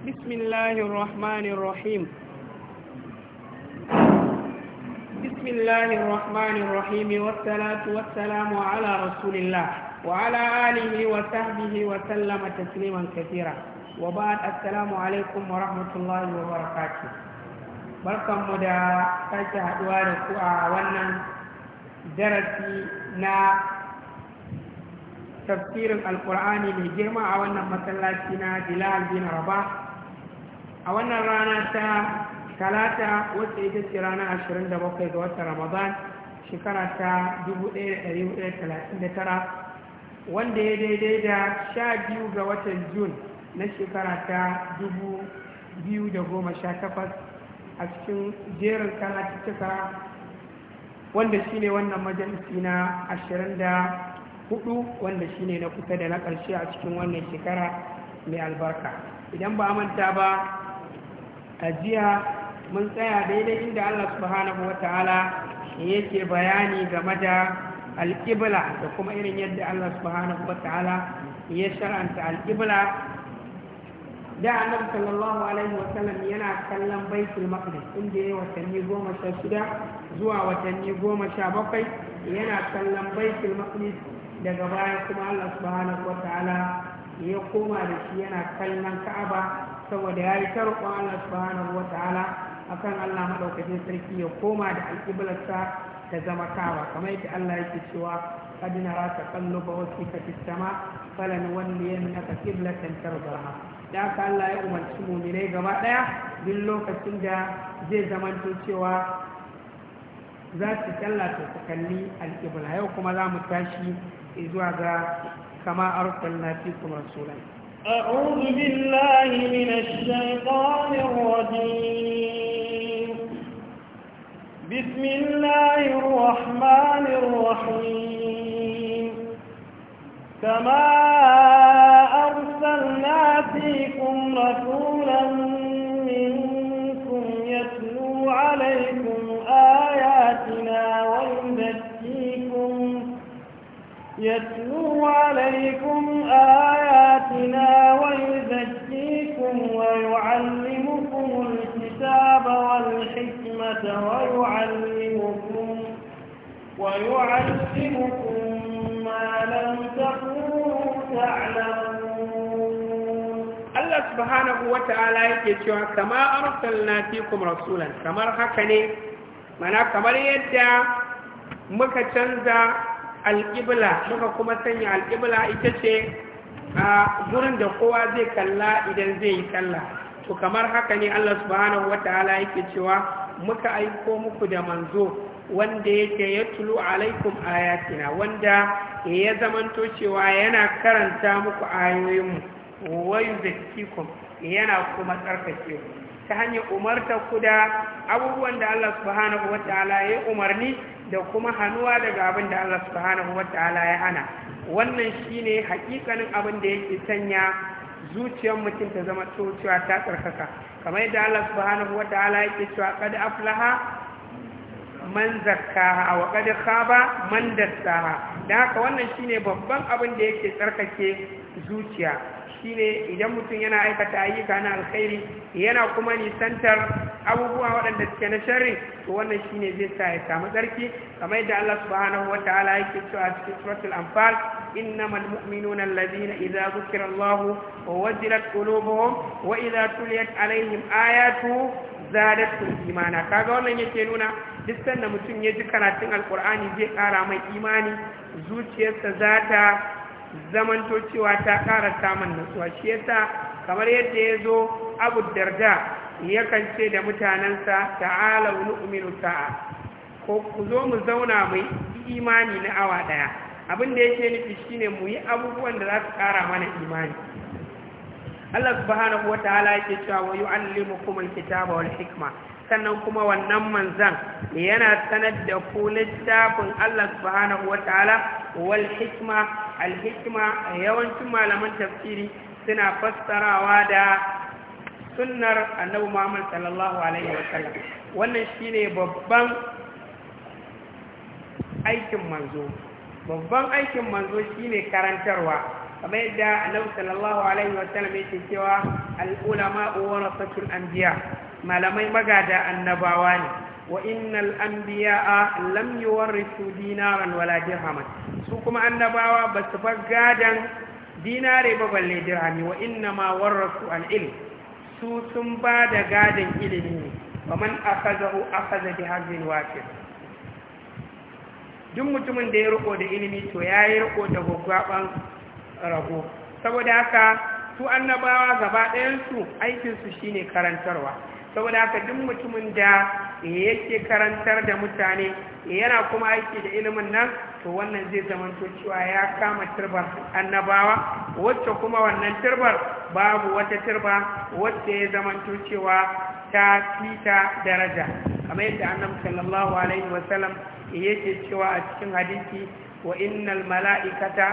بسم الله الرحمن الرحيم بسم الله الرحمن الرحيم والصلاة والسلام على رسول الله وعلى آله وصحبه وسلم تسليما كثيرا وبعد السلام عليكم ورحمة الله وبركاته barkan مدى da sake haduwa da ku a wannan darasi na tafsirin alkur'ani mai girma a a wannan rana ta talata wacce ita ce rana 27 ga watan ramadan shekara ta 1439 wanda ya daidai da 12 ga watan Jun na shekara ta 2018 a cikin jerin karatuttuka wanda shine wannan majalisi na 24 wanda shine na kusa da na ƙarshe a cikin wannan shekara mai albarka idan ba manta ba ajiya mun tsaya daidai inda Allah subhanahu wa ta'ala yake bayani game da alƙibla da kuma irin yadda Allah subhanahu wa ta'ala ya shar'anta alƙibla da annabi sallallahu alaihi wa sallam yana kallon baitul maqdis inda yayi watanni goma sha shida zuwa watanni goma sha bakwai yana kallon baitul maqdis daga baya kuma Allah subhanahu wa ta'ala ya koma da shi yana kallon ka'aba saboda ya yi ta roƙon Allah subhanahu wa ta'ala akan Allah maɗaukacin sarki ya koma da alƙiblarsa ta zama ka'aba kamar yadda Allah yake cewa قد نرى تقلب وجهك في السماء فلنولينك قبلة ترضاها da haka Allah ya umarci muminai gaba ɗaya duk lokacin da zai zamanto cewa za su tallata su kalli alƙibla yau kuma za mu tashi zuwa ga كما أرسلنا فيكم رسولا أعوذ بالله Allah wa ta’ala yake cewa kama arsalna fikum rasulan kamar haka ne mana kamar yadda muka canza al'ibla, muka kuma sanya alibla ita ce a gurin da kowa zai kalla idan zai yi kalla to kamar haka ne Allah subhanahu ta’ala yake cewa muka aiko muku da manzo wanda yake ya tulu alaikum ayatina wanda ya zamanto cewa yana karanta muku ayoyinmu wayu zakkikum yana kuma tsarkake ku ta hanyar umarta ku da abubuwan da Allah subhanahu wataala ya umarni da kuma hannuwa daga abin da Allah subhanahu wataala ya hana wannan shine hakikanin abin da yake sanya zuciyar mutum ta zama cewa ta tsarkaka kamar yadda Allah subhanahu wataala yake cewa qad aflaha man zakkaha wa qad khaba man dassaha da haka wannan shine babban abin da yake tsarkake zuciya shine idan mutum yana aikata ayyuka na alkhairi yana kuma nisantar abubuwa waɗanda suke na sharri to wannan shine zai sa ya samu tsarki kamar yadda Allah subhanahu ta'ala yake cewa a cikin suratul anfal innamal mu'minuna allazina idza zukira Allah wa wajilat qulubuhum wa idza tuliyat alaihim ayatu zadatun imana kaga wannan yake nuna duk sanda mutum ya ji karatun alkur'ani zai kara mai imani zuciyarsa za ta zamanto cewa ta ƙara samun nutsuwa shi yasa kamar yadda ya zo abu darda yakan ce da mutanensa ta'ala umaru sa'a ko ku zo mu zauna mai imani na awa daya abin da yake nufi ne mu yi abubuwan da za su ƙara mana imani Allah subhanahu ta'ala yake cewa wa yu'allimukum al-kitaba wal hikma sannan kuma wannan manzan yana sanar da ku littafin Allah subhanahu wa ta'ala wal hikma al hikma yawancin malaman tafsiri suna fassarawa da sunnar annabi Muhammad sallallahu alaihi wa sallam wannan shine babban aikin manzo babban aikin manzo shine karantarwa kamar yadda annabi sallallahu alaihi wa sallam yake cewa al ulama warasatul anbiya malamai magada annabawa ne wa innal anbiya'a lam yuwarrisu dinaran wala dirhaman su kuma annabawa ba su bar gadan dinare ba balle dirhami wa inna ma warrasu al-ilm su sun ba da gadan ilimi ne man akhazahu akhaza bi hazin duk mutumin da ya riko da ilimi to yayi riko da gogwaban rago saboda haka su annabawa gaba ɗayansu aikinsu shine karantarwa saboda haka duk mutumin da yake karantar da mutane yana kuma aiki da ilimin nan to wannan zai zamanto cewa ya kama turbar annabawa wacce kuma wannan turbar babu wata turba wacce ya zamanto cewa ta fita daraja kamar yadda annabi sallallahu alaihi wasallam yake cewa a cikin hadisi wa innal mala'ikata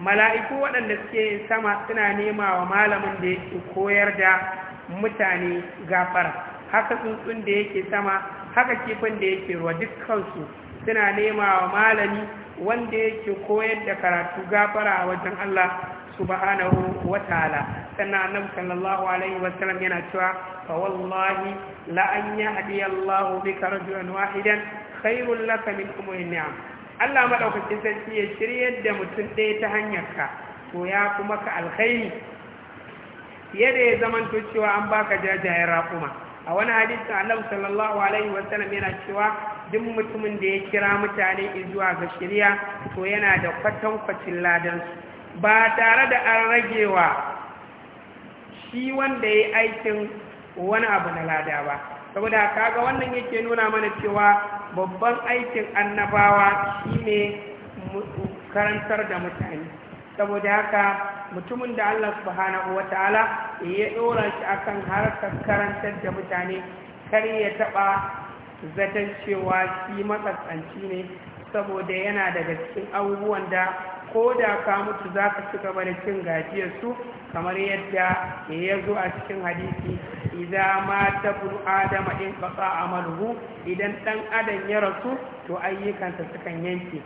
mala'iku waɗanda suke sama suna nema wa malamin da yake koyar da mutane gafara haka tsuntsun da yake sama haka kifin da yake ruwa dukkansu suna nema wa malami wanda yake koyar da karatu gafara a wajen Allah subhanahu wa ta'ala sannan annab sallallahu alaihi wa sallam yana cewa fa wallahi la an yahdi Allahu bika rajulan wahidan khairul lak min umuri ni'am Allah madaukakin sarki ya shiryar da mutum ɗaya ta hanyar ka to ya kuma ka alkhairi fiye da ya zamanto cewa an baka jajayen raƙuma a wani hadisi annabi sallallahu alaihi wasallam yana cewa duk mutumin da ya kira mutane zuwa ga shirya to yana da kwatankwacin ladansu ba tare da an ragewa shi wanda ya aikin wani abu na lada ba saboda kaga wannan yake nuna mana cewa babban aikin annabawa shi shine karantar da mutane saboda haka mutumin da Allah subhanahu wa ta'ala ya dora shi akan harkar karantar da mutane kar ya taɓa zaton cewa shi matsatsanci ne saboda yana daga cikin abubuwan da ko da ka mutu za ka ci gaba da cin su kamar yadda ya zo a cikin hadisi idan ma ta bu adama in ƙasa a malhu idan dan adam ya rasu to ayyukansa sukan yanke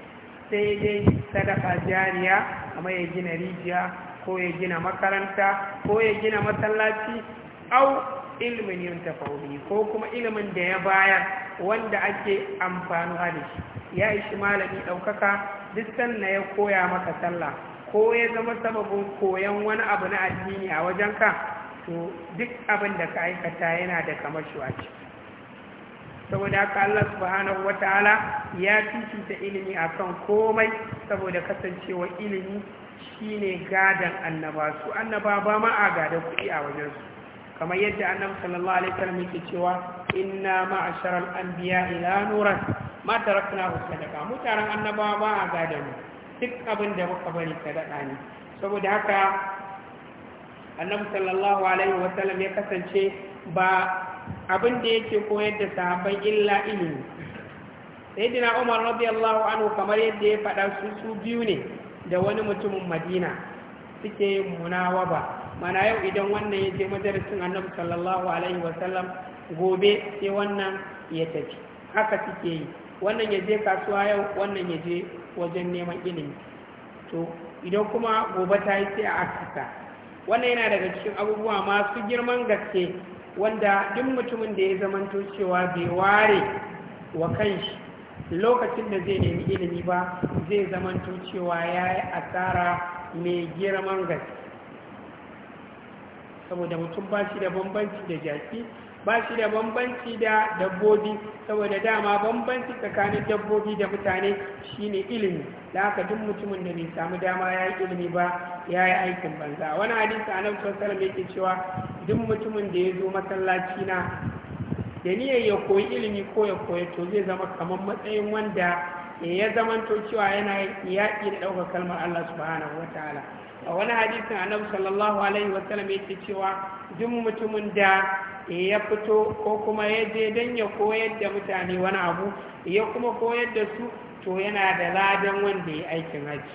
sai dai sadaka jariya kamar ya gina rijiya ko ya gina makaranta ko ya gina masallaci au ilimin yin tafauri ko kuma ilimin da ya bayar wanda ake amfani da shi ya ishi malami ɗaukaka duk sannan ya koya maka sallah ko ya zama sababin koyon wani abu na addini a wajenka to duk abin da ka aikata yana da kamar shi saboda haka Allah subhanahu wataala ya fifita ilimi akan komai saboda kasancewa ilimi shine gadan annaba su annaba ba ma a gada kuɗi a wajen su kamar yadda annabi sallallahu alaihi wasallam yake cewa inna ma'ashara al-anbiya ila nuran ma tarakna sadaqa mutanen annaba ba a gada ne duk abin da muka bari sadaqa ne saboda haka annabi sallallahu alaihi wasallam ya kasance ba abin da yake koyar da sahabbai illa ilimi dina umar radiyallahu anhu kamar yadda ya faɗa su su biyu ne da wani mutumin madina suke yin ba. mana yau idan wannan ya je majalisin annabi sallallahu alaihi wasallam gobe sai wannan ya tafi haka suke yi wannan ya je kasuwa yau wannan ya je wajen neman ilimi to idan kuma gobe ta yi sai a akasa wannan yana daga cikin abubuwa masu girman gaske wanda duk mutumin da ya zamanto cewa bai ware wa kanshi lokacin da zai nemi ilimi ba zai zamanto cewa ya yi asara mai girman gaske saboda mutum ba shi da bambanci da jaki ba shi da bambanci da dabbobi saboda dama bambanci tsakanin dabbobi da mutane shine ilimi da haka duk mutumin da bai samu dama ya yi ilimi ba ya yi aikin banza wani hadisi a nan sosai yake cewa duk mutumin da ya zo masallaci na da niyyar ya koyi ilimi ko ya koya to zai zama kamar matsayin wanda ya zamanto cewa yana yaƙi da ɗaukar kalmar Allah subhanahu wataala a wani hadisin annabi sallallahu alaihi wasallam ce cewa duk mutumin da ya fito ko kuma ya je don ya koyar da mutane wani abu ya kuma koyar da su to yana da ladan wanda ya aikin haji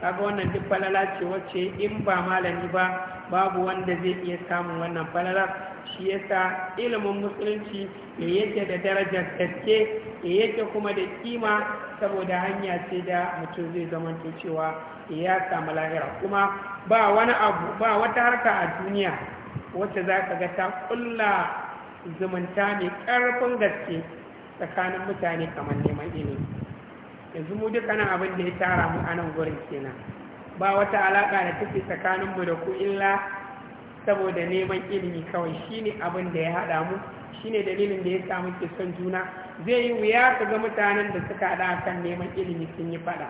kaga wannan duk falala ce wacce in ba malami ba babu wanda zai iya samun wannan falalar shi sa ilimin musulunci ya yake da darajar ya yake kuma da kima saboda hanya ce da mutum zai zamanto cewa ya samu lahira kuma ba wani abu ba wata harka a duniya wacce za ka ga ta kulla zumunta mai ƙarfin gaske tsakanin mutane kamar neman ilimi yanzu mu duka nan abin da ya tara mu a nan gurin kenan ba wata alaƙa da take tsakaninmu da ku illa saboda neman ilimi kawai shine abin da ya haɗa mu shine dalilin da ya sa muke son juna zai yi wuya ka ga mutanen da suka haɗa kan neman ilimi sun yi faɗa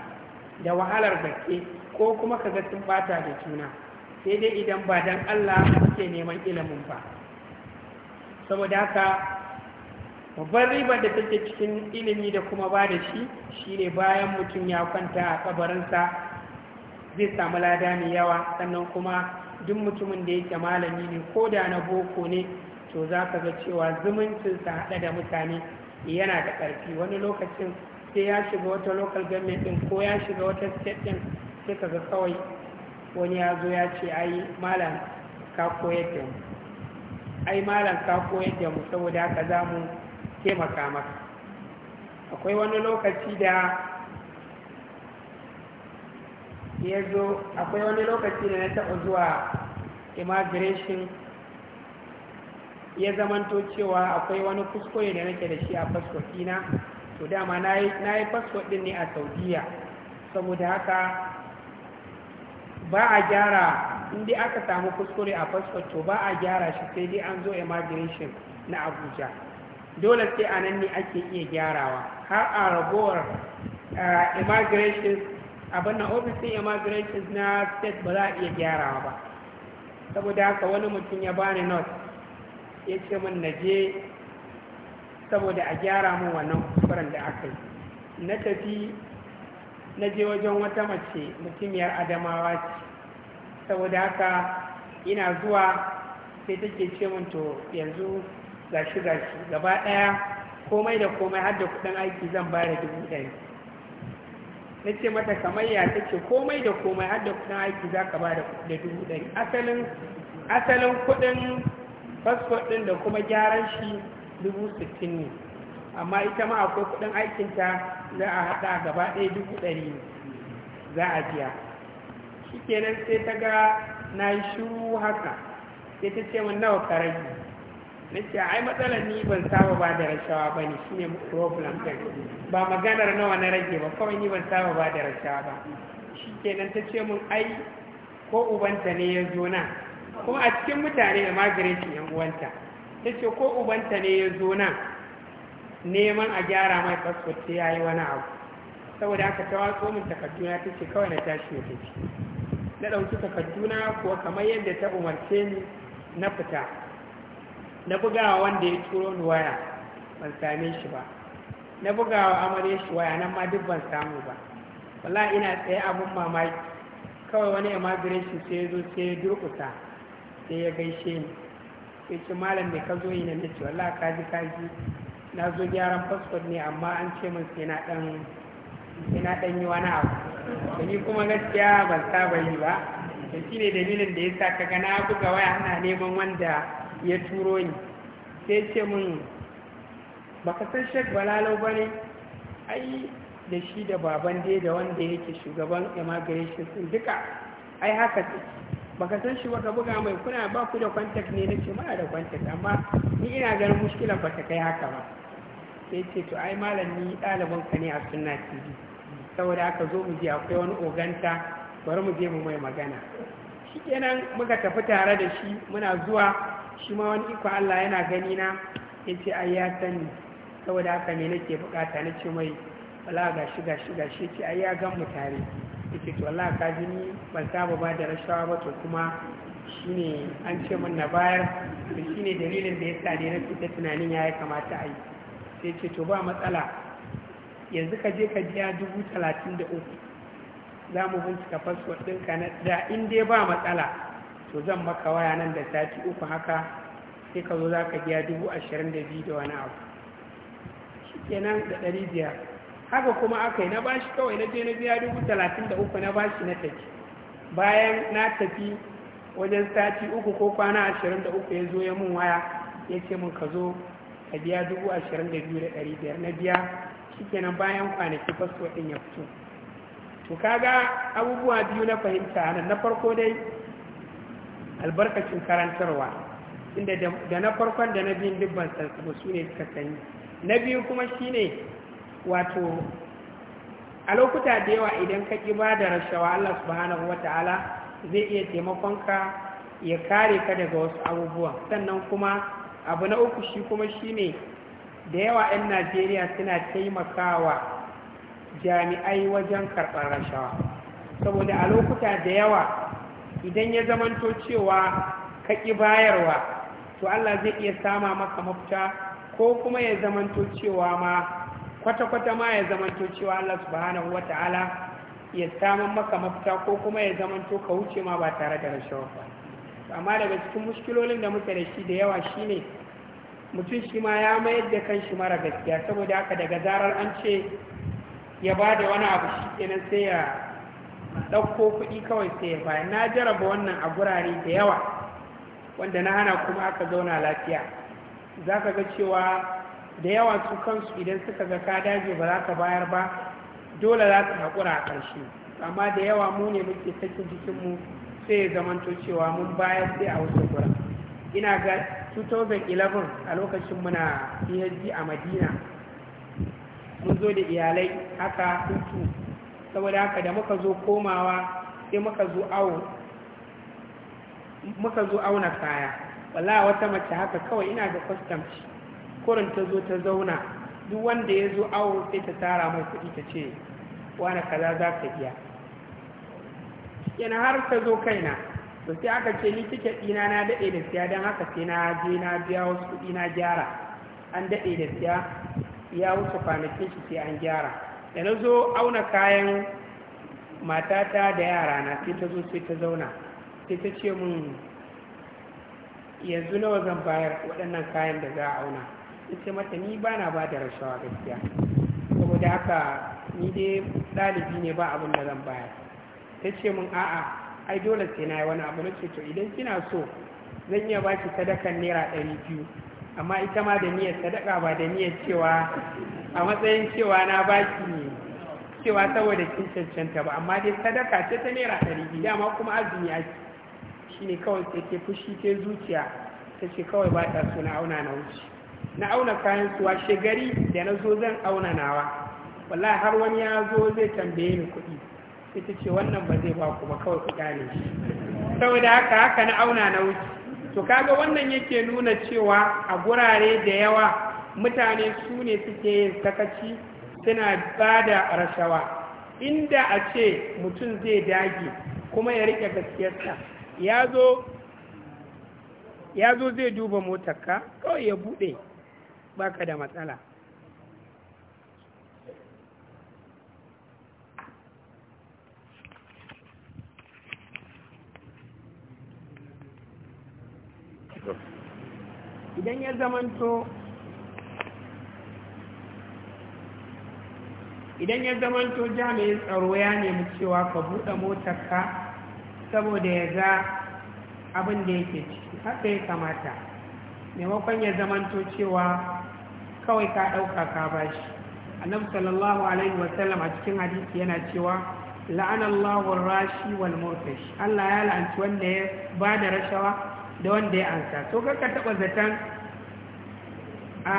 da wahalar gaske ko kuma ka ga sun bata da juna sai dai idan ba dan Allah suke neman ilimin ba saboda haka babban riba da take cikin ilimi da kuma ba da shi shine bayan mutum ya kwanta a kabarinsa zai samu lada mai yawa sannan kuma duk mutumin da yake malami ne ko da na boko ne to za ka ga cewa zumuncinsa haɗa da mutane yana da ƙarfi wani lokacin sai ya shiga wata local government ɗin ko ya shiga wata state ɗin sai ka ga kawai wani ya zo ya ce ai malam ka koyar da mu ai malam ka koyar da mu saboda haka za mu taimaka maka akwai wani lokaci da ya zo akwai wani lokaci da na taɓa zuwa immigration ya zamanto cewa akwai wani kuskure da nake da shi a fasfotina to dama na yi fasfot ɗin ne a saudiya saboda haka ba a gyara inda aka samu kuskure a fasfot to ba a gyara shi sai dai an zo immigration na abuja dole sai a nan ne ake iya gyarawa har a ragowar eh, immigration abin na ofis ɗin na state ba za a iya gyara ba saboda haka wani mutum ya bani not ya ce min na je saboda a gyara min wannan kuskuren da aka yi na tafi na je wajen wata mace mutumiyar adamawa ce saboda haka ina zuwa sai take ce min to yanzu gashi gashi gaba ɗaya komai da komai har da kuɗin aiki zan ba da dubu ɗari na ce mata kamar ya ta ce komai da komai har da kudin aiki za ka ba da dubu ɗari asalin kudin fasfot ɗin da kuma gyaran shi dubu sittin ne amma ita ma akwai kudin aikinta za a haɗa gaba ɗaya dubu ɗari za a biya shi kenan sai ta ga na shuru haka sai ta ce min nawa ka rage nace ai matsalar ni ban saba ba da rashawa ba ne ne problem ɗin ba maganar nawa na rage ba kawai ni ban saba ba da rashawa ba shi kenan ta ce mun ai ko ubanta ne ya zo na kuma a cikin mutane da magireci yan uwanta ta ce ko ubanta ne ya zo na neman a gyara mai fasfot ya yi wani abu saboda aka ta watso min takarduna ta ce kawai na tashi ya tafi na ɗauki takarduna kuwa kamar yadda ta umarce ni na fita na bugawa wanda ya turo ni waya ban same shi ba na bugawa amare shi waya nan ma duk ban samu ba wala ina tsaye abin mamaki kawai wani immigration sai ya zo sai ya durkusa sai ya gaishe ni sai ce malam ne ka zo yi na nace wala kaji kaji na zo gyaran passport ne amma an ce min sai na dan sai na dan yi wani abu da ni kuma gaskiya ban saba yi ba da shi ne dalilin da ya sa ka ga na buga waya ana neman wanda ya turo ni sai ce mun baka san shek balalo ba ne ai da shi da baban dai da wanda yake shugaban immigration sun duka ai haka ce baka san shi baka buga mai kuna ba ku da contact ne nace ma'a da contact amma ni ina ganin mushkilan ba ta kai haka ba sai ce to ai malam ni ɗaliban ka ne a sunna tv saboda aka zo mu je akwai wani oganta bari mu je mu mai magana shi kenan muka tafi tare da shi muna zuwa shi ma wani iko Allah yana gani na ya ce ai ya sani saboda haka ne nake bukata na ce mai wala ga shi ga shi ga shi ce ai ya gan mu tare ya ce to Allah ka ji ni ban saba ba da rashawa ba to kuma shine an ce min na bayar to shine dalilin da yasa ne na fita tunanin ya kamata a yi sai ce to ba matsala yanzu ka je ka biya dubu talatin da uku za mu bincika fasfot ɗinka na da in dai ba matsala to zan maka waya nan da sati uku haka sai ka zo za ka biya dubu ashirin da biyu da wani abu shi kenan da ɗari biyar haka kuma aka yi na bashi kawai na je na biya dubu talatin da uku na bashi na tafi bayan na tafi wajen sati uku ko kwana ashirin da uku ya zo ya mun waya ya ce mun ka zo ka biya dubu ashirin da biyu da ɗari biyar na biya shi kenan bayan kwanaki fasfo ɗin ya fito to kaga abubuwa biyu na fahimta nan na farko dai albarkacin karantarwa inda da na farkon da na biyun dubban ba su ne suka sani na biyu kuma shine wato a lokuta da yawa idan ka ƙi ba da rashawa Allah subhanahu ta'ala zai iya taimakonka ya kare ka daga wasu abubuwa sannan kuma abu na uku shi kuma shine da yawa 'yan najeriya suna taimakawa jami'ai wajen karɓar rashawa saboda a lokuta da yawa idan ya zamanto cewa ka ƙi bayarwa to Allah zai iya sama maka mafita ko kuma ya zamanto cewa ma kwata-kwata ma ya zamanto cewa Allah subhanahu Ta'ala ya saman maka mafita ko kuma ya zamanto ka wuce ma ba tare da rashawa ba amma daga cikin muskilolin da muke da shi da yawa shine mutum shi ma ya mayar da kan shi mara gaskiya saboda haka daga zarar an ce ya ba da wani abu shi kenan sai ya ɗauko kuɗi kawai sai ya bayar na jaraba wannan a gurare da yawa wanda na hana kuma aka zauna lafiya za ka ga cewa da yawa su kansu idan suka ga ka daji ba za ka bayar ba dole za ka haƙura a ƙarshe amma da yawa mu ne muke sakin jikinmu sai ya zamanto cewa mun bayar sai a wasu gura ina ga 2011 a lokacin muna phd a madina mun zo da iyalai haka hutu saboda haka da muka zo komawa sai muka zo awo muka zo auna kaya wallahi wata mace haka kawai ina da custom ci kurin ta zo ta zauna duk wanda ya zo awo sai ta tara mai kuɗi ta ce wani kaza za ka iya yana har ta zo kaina to sai aka ce ni tiket ɗina na daɗe da siya don haka sai na je na biya wasu kuɗi na gyara an daɗe da siya ya wuce kwanakin shi sai an gyara da na zo auna kayan matata da yara na sai ta zo sai ta zauna sai ta ce mun yanzu nawa zan bayar waɗannan kayan da za a auna sai ce mata ni ba na ba da rashawa gaskiya saboda haka ni dai ɗalibi ne ba abin da zan bayar ta ce mun a'a ai dole sai na yi wani abu na ce to idan kina so zan iya ba ki sadakan naira ɗari biyu amma ita ma da niyyar sadaka ba da niyyar cewa a matsayin cewa na baki ne cewa saboda kin cancanta ba amma dai sadaka ce ta naira ɗari biyu dama kuma azumi ake shi ne kawai sai ke fushi ke zuciya ta ce kawai ba ta so na auna na wuce na auna kayan suwa shegari da na zo zan auna nawa wallahi har wani ya zo zai tambaye ni kuɗi sai ta ce wannan ba zai ba ku kawai ku gane shi saboda haka haka na auna na wuce to kaga wannan yake nuna cewa a gurare da yawa mutane su ne suke yin sakaci suna ba da rashawa inda a ce mutum zai dage kuma ya rike gaskiyarsa ya zo zai duba motarka kawai ya bude baka da matsala idan ya zamanto idan ya zamanto jami'in tsaro ya nemi cewa ka buɗe motarka saboda ya ga abin da yake ciki haka ya kamata maimakon ya zamanto cewa kawai ka ɗauka ka bashi annab sallallahu alaihi wasallam a cikin hadisi yana cewa la'anallahu rashi wal murtashi Allah ya la'anci wanda ya ba da rashawa da wanda ya ansa to kaka taɓa zaton a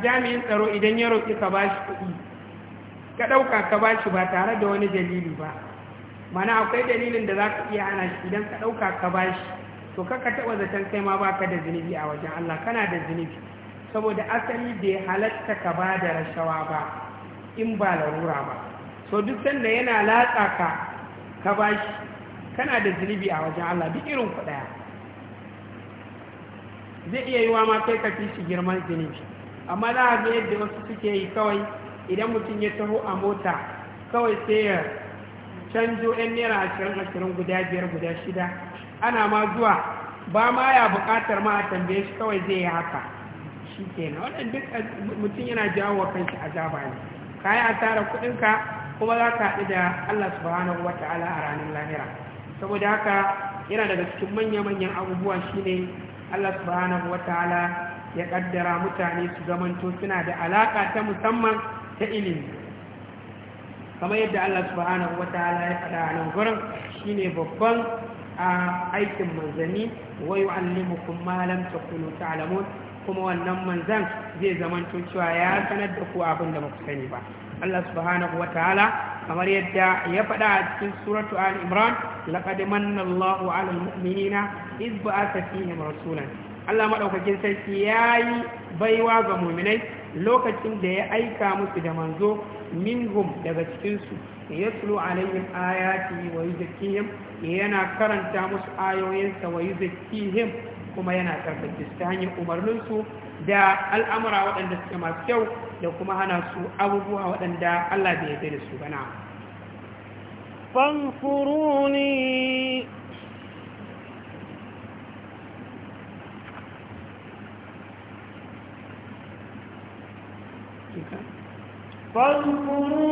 jami'in tsaro idan ya roƙi ka bashi kuɗi ka ɗauka ka ba shi ba tare da wani dalili ba mana akwai dalilin da za ka iya ana shi idan ka ɗauka ka ba shi to ka taɓa zaton kai ma baka da zunubi a wajen Allah kana da zunubi saboda asali bai halatta ka ba da rashawa ba in ba larura ba so duk sanda yana latsa ka ka ba shi kana da zunubi a wajen Allah duk irin ku ɗaya zai iya yiwa ma kai ka fi shi girman zunubi amma za a ga yadda wasu suke yi kawai idan mutum ya taho a mota kawai sai ya canjo 'yan naira ashirin ashirin guda biyar guda shida ana ma zuwa ba ma ya bukatar ma a tambaye shi kawai zai yi haka shi kenan wannan duk mutum yana jawo wa kanshi azaba ne ka yi asarar kuɗinka kuma za ka haɗu da allah subhanahu wata'ala a ranar lahira saboda haka yana daga cikin manya-manyan abubuwa shine allah subhanahu wata'ala ya kaddara mutane su zamanto suna da alaka ta musamman ta ilimi kamar yadda Allah subhanahu wa ta'ala ya faɗa a nan gurin shine babban a aikin manzani wa yu'allimukum ma lam takunu ta'lamun kuma wannan manzan zai to cewa ya sanar da ku abin da ku sani ba Allah subhanahu wa ta'ala kamar yadda ya faɗa a cikin suratu al imran laqad manna Allahu 'alal mu'minina iz ba'atha fihim rasulan Allah madaukakin sarki yayi baiwa ga mu'minai lokacin da ya aika musu da manzo minhum daga cikinsu ya tsulo layin ayati wa yuzakkihim yana karanta musu ayoyinsa wa yuzakkihim kuma yana karfafa su ta hanyar umarninsu da al'amura waɗanda suke masu kyau da kuma hana su abubuwa waɗanda Allah bai yarda da su bana. Fanfuruni فاذكروني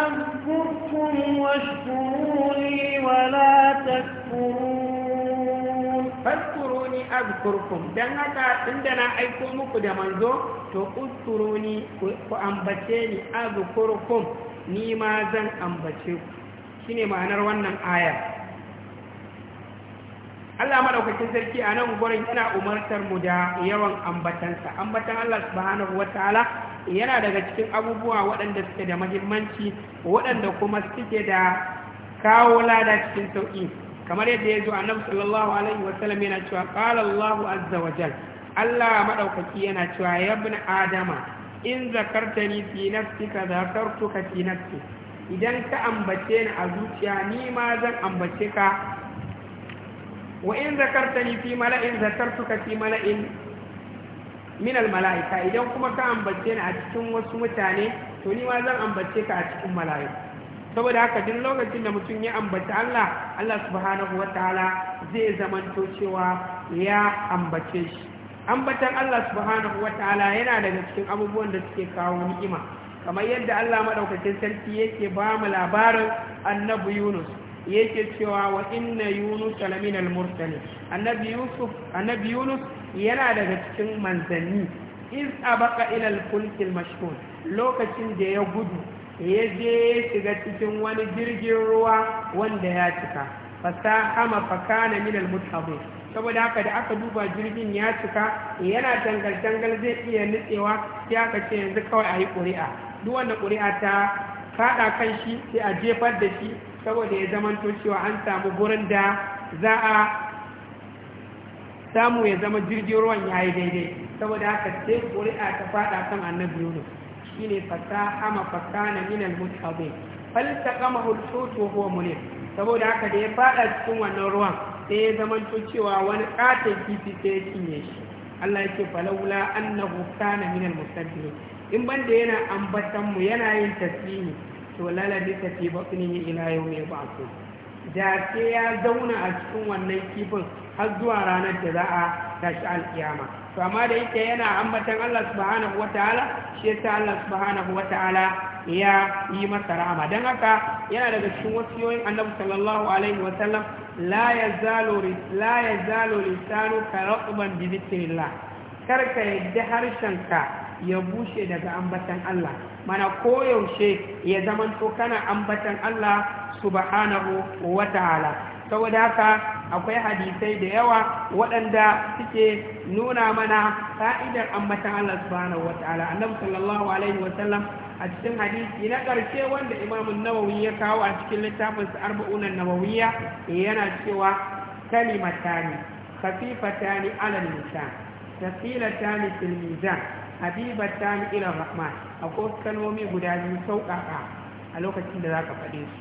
أذكركم واشكروني ولا تكفرون فاذكروني أذكركم dan haka أيكم na زو تؤذكروني da أذكركم to uzkuruni ku ambace ni azkurkum ni ma zan ambace Allah madaukakin sarki a nan gurin yana umartar mu da yawan ambatansa ambatan Allah subhanahu wataala yana daga cikin abubuwa waɗanda suke da mahimmanci waɗanda kuma suke da kawo lada cikin sauƙi kamar yadda ya zo a nan sallallahu alaihi wasallam yana cewa qala Allah azza wa jal Allah madaukaki yana cewa ya ibn adama in zakartani fi zakartu ka fi nafsi idan ka ambace ni a zuciya ni ma zan ambace ka wa in zakartani fi mala'in ka fi mala'in minal mala'ika idan kuma ka ambace ni a cikin wasu mutane to ni ma zan ambace ka a cikin mala'ika saboda haka duk lokacin da mutum ya ambaci Allah Allah subhanahu wataala zai zamanto cewa ya ambace shi ambatan Allah subhanahu wataala yana daga cikin abubuwan da suke kawo ni'ima kamar yadda Allah madaukakin sarki yake ba mu labarin annabi Yunus yake cewa wa inna yunus laminal mursalin annabi yusuf annabi yunus yana daga cikin manzanni is abaka ila al mashhur lokacin da ya gudu ya je shiga cikin wani jirgin ruwa wanda ya cika fasahama fakana min al-mutahhir saboda haka da aka duba jirgin ya cika yana tangal-tangal zai iya nitsewa sai aka ce yanzu kawai ayi yi ƙuri'a duk wanda ƙuri'a ta kaɗa kan shi sai a jefar da shi saboda ya zamanto cewa an samu gurin da za a samu ya zama jirgin ruwan ya yi daidai saboda haka sai ƙuri'a ta faɗa kan annabi yunus shine fasaha ama fasa na mutabi mutabe falta kama wa huwa mune saboda haka da ya faɗa cikin wannan ruwan sai ya zama cewa wani katon kifi sai ya cinye shi Allah yake falawla annahu kana min al in ban da yana ambatan mu yana yin tasiri to lalabi ta fi ba ila ba yub'athun da ke ya zauna a cikin wannan kifin har zuwa ranar da za a tashi alkiyama to amma da yake yana ambatan Allah subhanahu wataala shi yasa Allah subhanahu wataala ya yi masa rahama dan haka yana daga cikin wasiyoyin Annabi sallallahu alaihi wa sallam, la yazalu la yazalu lisanu karqban bi dhikrillah karka yadda harshenka ya bushe daga ambatan Allah mana koyaushe ya zamanto kana ambatan Allah subhanahu wa ta'ala saboda haka akwai hadisai da yawa waɗanda suke nuna mana fa'idar ambatan Allah subhanahu wa ta'ala annabi sallallahu alaihi wa sallam a cikin hadisi na ƙarshe wanda imamun nawawi ya kawo a cikin littafin sa arba'unan nawawiyya yana cewa kalimatani khafifatani al lisan thaqilatani fil mizan habibatani ila rahman akwai kalmomi guda biyu sauƙaƙa a lokacin da zaka faɗe su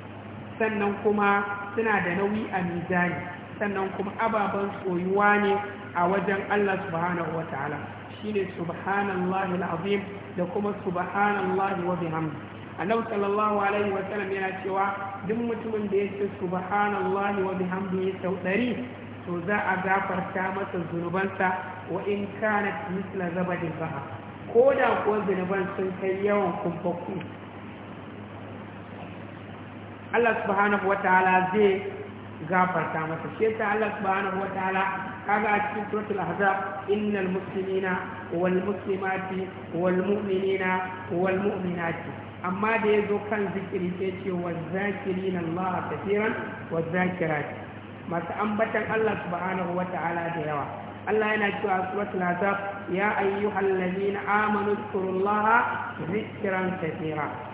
sannan kuma suna da nauyi a mizani sannan kuma ababen soyuwa ne a wajen Allah subhanahu wataala shine subhanallahi alazim da kuma subhanallahi wa bihamdi annabi sallallahu alaihi wa sallam yana cewa duk mutumin da yake subhanallahi wa ya sau ɗari to za a gafarta masa zunubansa wa in kanat misla zabadin baha ko da kuwa zunuban sun kai yawan kumfakku. Allah subhanahu wataala zai gafarta masa shi yasa Allah subhanahu wataala kaga a cikin suratul ahzab innal muslimina wal muslimati wal mu'minina wal mu'minati amma da yazo kan zikiri sai ce wal zakirina Allah kaseeran wal zakirati masu ambatan Allah subhanahu wataala da yawa Allah yana cewa a suratul ahzab ya ayyuhal ladina amanu zkurullaha zikran kaseera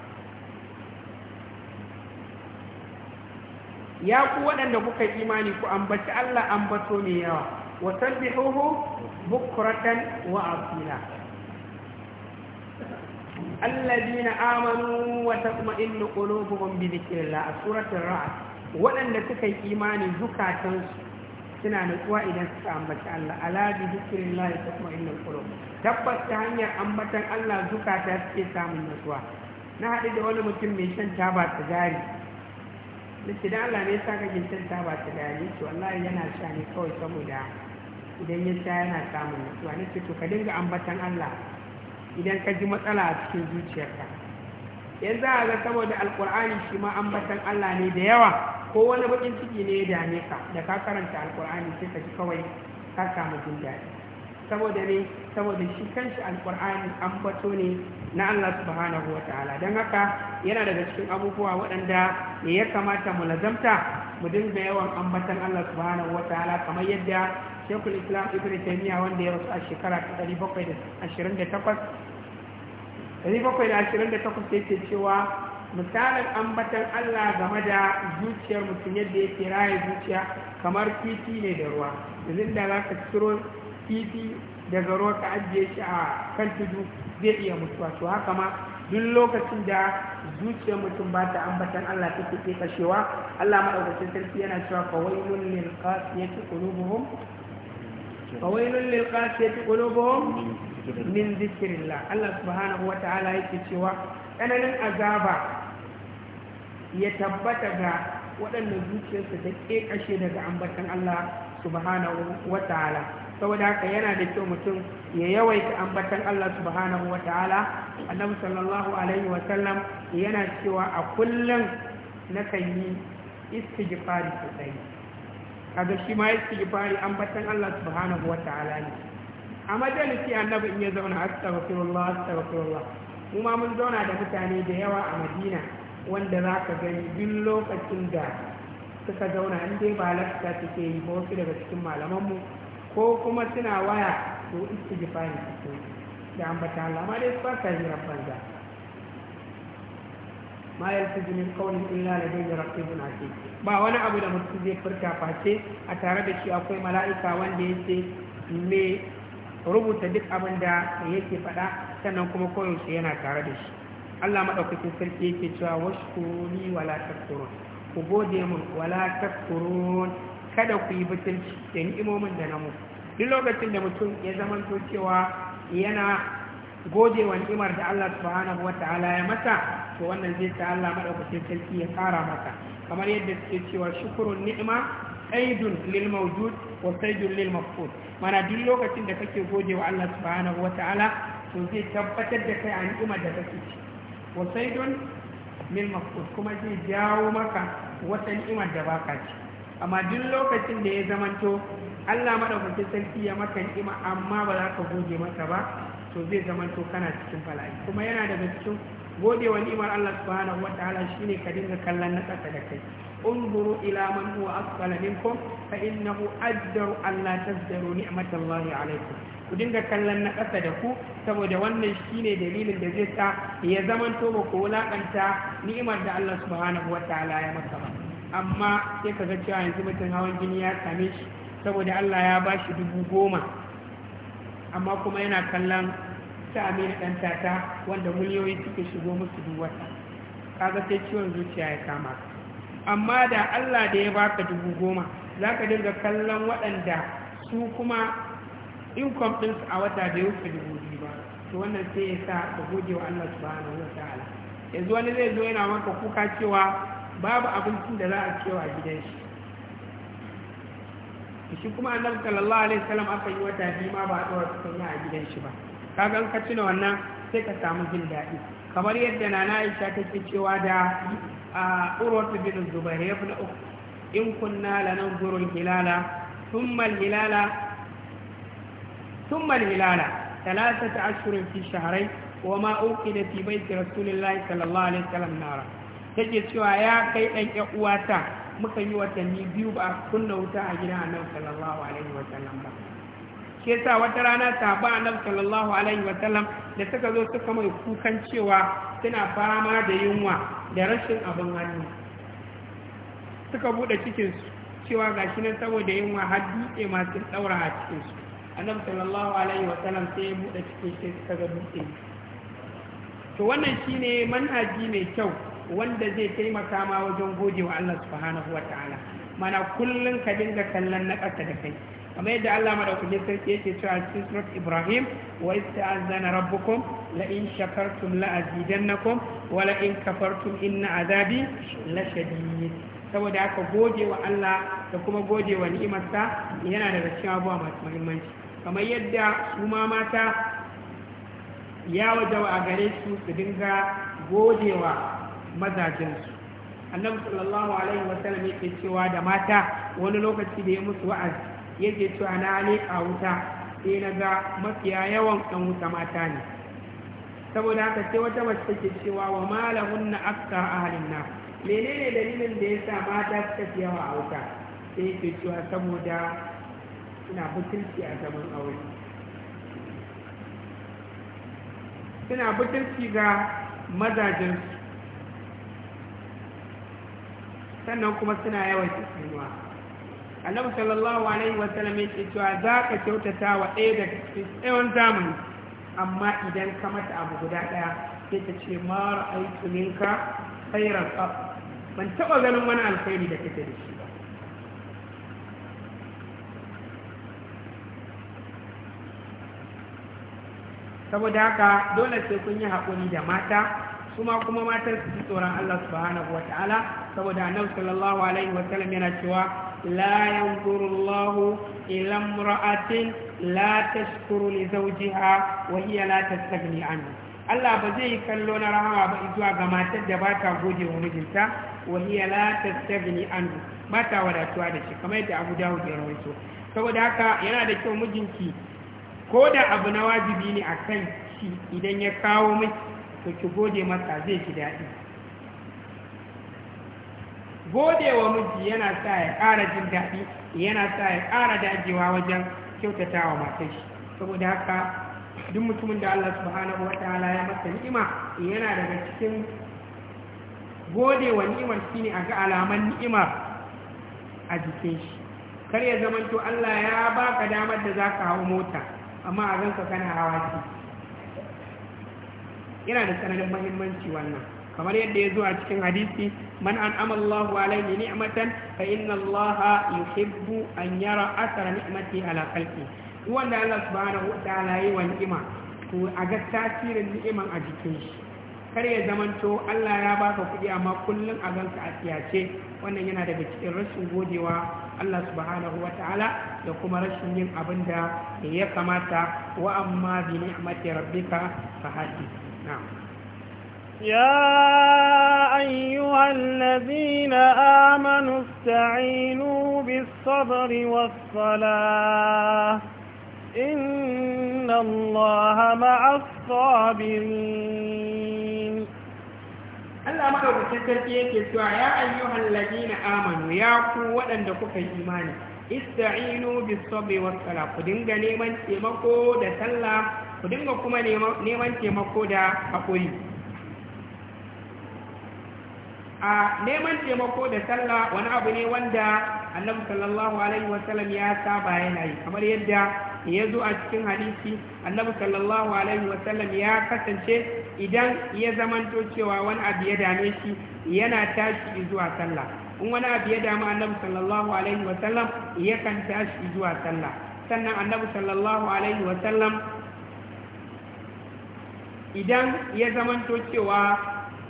ya ku waɗanda kuka imani ku ambaci Allah ambato mai yawa wa sabbihuhu bukratan wa asila alladhina amanu wa tatma'innu qulubuhum bi dhikrillah a suratul ra'd waɗanda suka yi imani zukatansu suna nutsuwa idan suka ambaci Allah ala bi dhikrillah tatma'innul qulub tabbas ta hanyar ambatan Allah zukata suke samun nutsuwa na haɗu da wani mutum mai shan taba sigari nace da Allah ne yasa kake ta taba ta dare to wallahi yana sha ne kawai saboda idan ya sha yana samun nutsuwa nace to ka dinga ambatan Allah idan ka ji matsala a cikin zuciyarka yanzu a ga saboda alkur'ani shi ma ambatan Allah ne da yawa ko wani bakin ciki ne ya dame ka da ka karanta alkur'ani sai ka ji kawai ka samu jin daɗi saboda ne saboda shi kanshi alkur'ani bato ne na Allah subhanahu wa ta'ala don haka yana daga cikin abubuwa waɗanda ya kamata mu lazamta mu dinga yawan ambatan Allah subhanahu wa ta'ala kamar yadda shekul islam ibn taymiya wanda ya rasu a shekara ta 728 728 yake cewa misalin ambatan Allah game da zuciyar mutum yadda yake raye zuciya kamar titi ne da ruwa yanzu da za ka ciro kifi daga ruwa ka ajiye shi a kan tudu zai iya mutuwa to haka ma duk lokacin da zuciyar mutum ba ta ambatan Allah ta ke kashewa Allah madaukakin sarki yana cewa waylun lil qasiyati qulubuhum waylun lil qasiyati qulubuhum min dhikrillah Allah subhanahu wa ta'ala yake cewa tsananin azaba ya tabbata ga waɗanda zuciyarsa ta ke kashe daga ambatan Allah subhanahu wa ta'ala saboda haka yana da kyau mutum ya yawaita ambatan Allah subhanahu wa ta'ala annabi sallallahu alaihi wa sallam yana cewa a kullum na kan yi istighfari sosai kaga shi ma istighfari ambatan Allah subhanahu wa ta'ala ne a majalisi annabi in ya zauna astaghfirullah astaghfirullah mu ma mun zauna da mutane da yawa a Madina wanda za ka gani duk lokacin da suka zauna in dai ba lafiya suke yi ba wasu daga cikin malamanmu ko kuma suna waya to istighfari ko da ambata Allah ma dai ba ka hira banza ma yalfizu min qawlin illa ladayhi raqibun atid ba wani abu da mutum zai furta face a tare da shi akwai mala'ika wanda yake me rubuta duk abin da yake faɗa sannan kuma koyaushe yana tare da shi Allah maɗaukacin sarki yake cewa washkuri wala takfurun ku gode mun wala takfurun kada ku yi batunci da ni'imomin da na mu duk lokacin da mutum ya to cewa yana gode wa ni'imar da Allah subhanahu wa ta'ala ya masa to wannan zai sa Allah madaukakin sarki ya kara maka kamar yadda suke cewa shukurun ni'ima aidun lil mawjud wa saidun lil mafqud mana duk lokacin da kake gode wa Allah subhanahu wa ta'ala to zai tabbatar da kai a ni'imar da kake ci wa saidun lil mafqud kuma zai jawo maka wata ni'imar da baka ci amma duk lokacin da ya zamanto Allah maɗaukacin sarki ya maka ni'ima amma ba za ka goge masa ba to zai zamanto kana cikin bala'i kuma yana daga cikin gode wa ni'imar Allah subhanahu wataala shine ka dinga kallon na ƙasa da kai unzuru ila man huwa asfala minkum fa innahu ajdaru an la tazdaru ni'matallahi alaykum ku dinga kallon na ƙasa da ku saboda wannan shine dalilin da zai sa ya zamanto ba ku wulakanta ni'imar da Allah subhanahu wataala ya maka ba amma sai ka ga cewa yanzu mutum hawan jini ya same shi saboda Allah ya ba shi dubu goma amma kuma yana kallon ta amina ɗan tata wanda miliyoyi suke shigo musu dubu wata kaga sai ciwon zuciya ya kama amma da Allah da ya baka dubu goma za ka dinga kallon waɗanda su kuma income ɗinsu a wata da ya wuce dubu biyu ba to wannan sai ya sa ka gode wa Allah subhanahu wa ta'ala yanzu wani zai zo yana maka kuka cewa babu abincin da za a cewa gidan shi shi kuma annab sallallahu alaihi wasallam aka yi wata biyu ma ba a tsawar tukunya a gidan shi ba kaga an ka tuna wannan sai ka samu jin daɗi kamar yadda nana aisha ke cewa da a urwatu bin zubair ya na uku in kunna nan zurul hilala thumma hilala thumma hilala ثلاثة أشهر في شهرين وما أوقد في fi رسول الله صلى الله عليه وسلم نارا take cewa ya kai ɗan ƴan uwata muka yi watanni biyu ba kunna wuta a gidan annabi sallallahu alaihi wa sallam ba Ke sa wata rana ta ba annabi sallallahu alaihi wa sallam da suka zo suka mai kukan cewa suna fama da yunwa da rashin abin hannu suka buɗe cikinsu cewa gashi nan saboda yunwa har dutse masu ɗaura a cikinsu annabi sallallahu alaihi wa sallam sai ya buɗe cikin shi suka ga dutse to wannan shine manhaji mai kyau wanda zai taimaka ma wajen gode wa Allah subhanahu wa ta'ala mana kullum ka dinga kallon na ƙasa da kai kamar yadda Allah madaukakin sarki yake cewa cikin surat Ibrahim wa ista'azana rabbukum la in shakartum la azidannakum wa la in kafartum inna azabi la shadid saboda haka gode wa Allah da kuma gode wa ni'imarsa yana da cikin abuwa masu muhimmanci kamar yadda su ma mata ya wajawa a gare su su dinga godewa mazajensu annabi sallallahu alaihi sallam yake cewa da mata wani lokaci da ya musu wa'azi yake cewa na leƙa wuta sai na ga mafiya yawan kan wuta mata ne saboda haka sai wata mace take cewa wa malahunna akthar ahlin na menene dalilin da yasa mata suka fi yawa a wuta sai yake cewa saboda suna butulci a zaman aure suna butulci ga mazajinsu sannan kuma suna yawan tsinuwa annabi sallallahu alaihi ya ce to za ka kyautata wa ɗaya daga cikin tsayon zamani amma idan ka mata abu guda ɗaya sai ta ce ma ra'aitu minka khairan fa ban taɓa ganin wani alkhairi da kake da shi ba saboda haka dole sai kun yi haƙuri da mata kuma kuma matar su ji tsoron Allah subhanahu wa ta'ala saboda annabi sallallahu alaihi wa sallam yana cewa la yanzuru Allah ila imra'atin la tashkuru li zawjiha wa hiya la tastaghni anhu Allah ba zai kallo na rahama ba zuwa ga matar da ba ta gode wa mijinta wa hiya la tastaghni anhu ba ta wadatuwa da shi kamar yadda Abu Dawud ya rawaito saboda haka yana da kyau mijinki ko da abu na wajibi ne akan shi idan ya kawo miki to ki gode masa zai ki daɗi gode wa miji yana sa ya ƙara jin daɗi yana sa ya ƙara dajewa wajen kyautata wa matar shi saboda haka duk mutumin da Allah subhanahu wa ta'ala ya masa ni'ima yana daga cikin gode wa ni'imar ne a ga alaman ni'ima a jikin shi kar ya zamanto Allah ya baka damar da za ka hau mota amma a ranka kana hawa ce yana da tsananin mahimmanci wannan kamar yadda ya zo a cikin hadisi man an amallahu alaihi ni'matan fa inna allaha yuhibbu an yara asara ni'mati ala khalqi wanda Allah subhanahu wa ta'ala yi wa ni'ima to a ga tasirin ni'iman a jikin shi kar ya zamanto Allah ya baka kuɗi amma kullum a ganka a tsiyace wannan yana daga cikin rashin godewa Allah subhanahu wa ta'ala da kuma rashin yin abin da ya kamata wa amma bi ni'mati rabbika fa hadith يا أيها الذين آمنوا استعينوا بالصبر والصلاة إن الله مع الصابرين Allah madaukakin sarki yake cewa ya ayyuhal ladina amanu ya ku waɗanda kuka yi imani ista'inu bis sabri was sala ku dinga neman taimako da talla. ku dinga kuma neman taimako da haƙuri a neman taimako da sallah wani abu ne wanda annabi sallallahu alaihi wasallam ya saba yana yi kamar yadda ya zo a cikin hadisi annabi sallallahu alaihi wasallam ya kasance idan ya zamanto cewa wani abu ya dame shi yana tashi zuwa sallah in wani abu ya dama annabi sallallahu alaihi wasallam yakan tashi zuwa sallah sannan annabi sallallahu alaihi wasallam idan ya zamanto cewa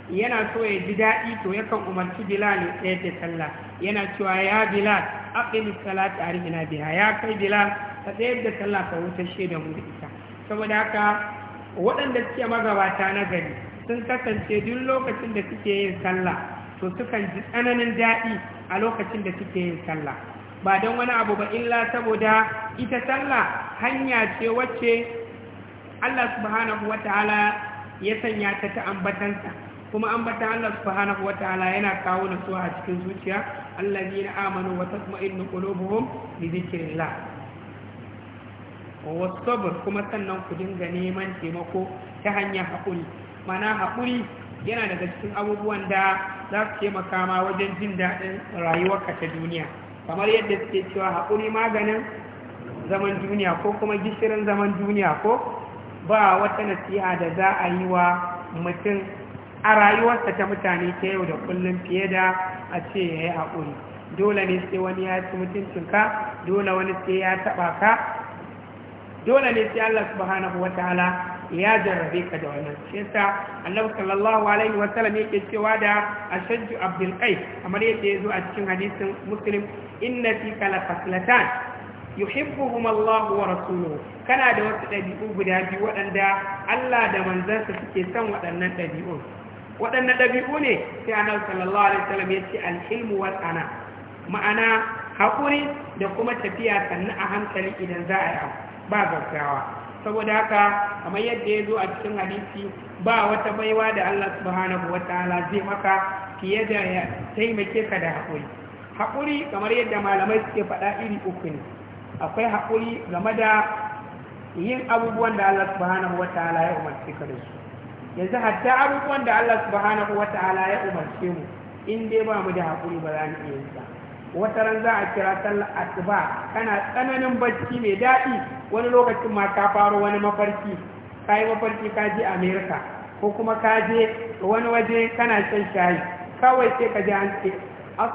yana so ya ji daɗi to yakan umarci bilal ya tsaya da sallah yana cewa ya bilal aqimi salata arihina biha ya kai bilal ka tsayar da sallah ka wutar da mu ita saboda haka waɗanda suke magabata na gari sun kasance duk lokacin da suke yin sallah to sukan ji tsananin daɗi a lokacin da suke yin sallah ba don wani abu ba illa saboda ita sallah hanya ce wacce Allah subhanahu wa ta'ala ya sanya ta ta ambatansa kuma ambatan Allah subhanahu wa ta'ala yana kawo suwa a cikin zuciya Allah na amanu wa tatma'innu qulubuhum bi dhikrillah wasabar kuma sannan ku dinga neman taimako ta hanyar haƙuri mana haƙuri yana daga cikin abubuwan da za su taimaka ma wajen jin daɗin rayuwarka ta duniya kamar yadda suke cewa haƙuri maganin zaman duniya ko kuma gishirin zaman duniya ko ba wata nasiha da za a yi wa mutum a rayuwarsa ta mutane ta yau da kullum fiye da a ce ya yi haƙuri dole ne sai wani ya ci mutuncinka dole wani sai ya taɓa ka dole ne sai Allah subhanahu ta'ala ya jarrabe ka da wannan shi yasa Annabi sallallahu alaihi wa sallam yake cewa da ashaddu abdul qais kamar yadda yazo a cikin hadisin muslim inna fi kala faslatan yuhibbuhum Allah wa rasuluhu kana da wasu ɗabi'u guda biyu waɗanda Allah da manzansa suke son waɗannan ɗabi'u waɗannan ɗabi'u ne sai annabi sallallahu alaihi wasallam ya al-ilmu wal ana ma'ana haƙuri da kuma tafiya sannu a hankali idan za a yi ba gaggawa saboda haka kamar yadda ya zo a cikin hadisi ba wata baiwa da Allah subhanahu wataala zai maka fiye da ya taimake ka da hakuri haƙuri kamar yadda malamai suke faɗa iri uku ne akwai haƙuri game da yin abubuwan da Allah subhanahu wa ta'ala ya umarce ka da su yanzu hatta abubuwan da Allah subhanahu wa ta'ala ya umarce mu in dai ba mu da haƙuri ba za mu iya yi sa wata ran za a kira sallar asuba kana tsananin bacci mai daɗi wani lokacin ma ka faro wani mafarki ka yi mafarki ka je america ko kuma ka je wani waje kana shan shayi kawai sai ka ji an ce as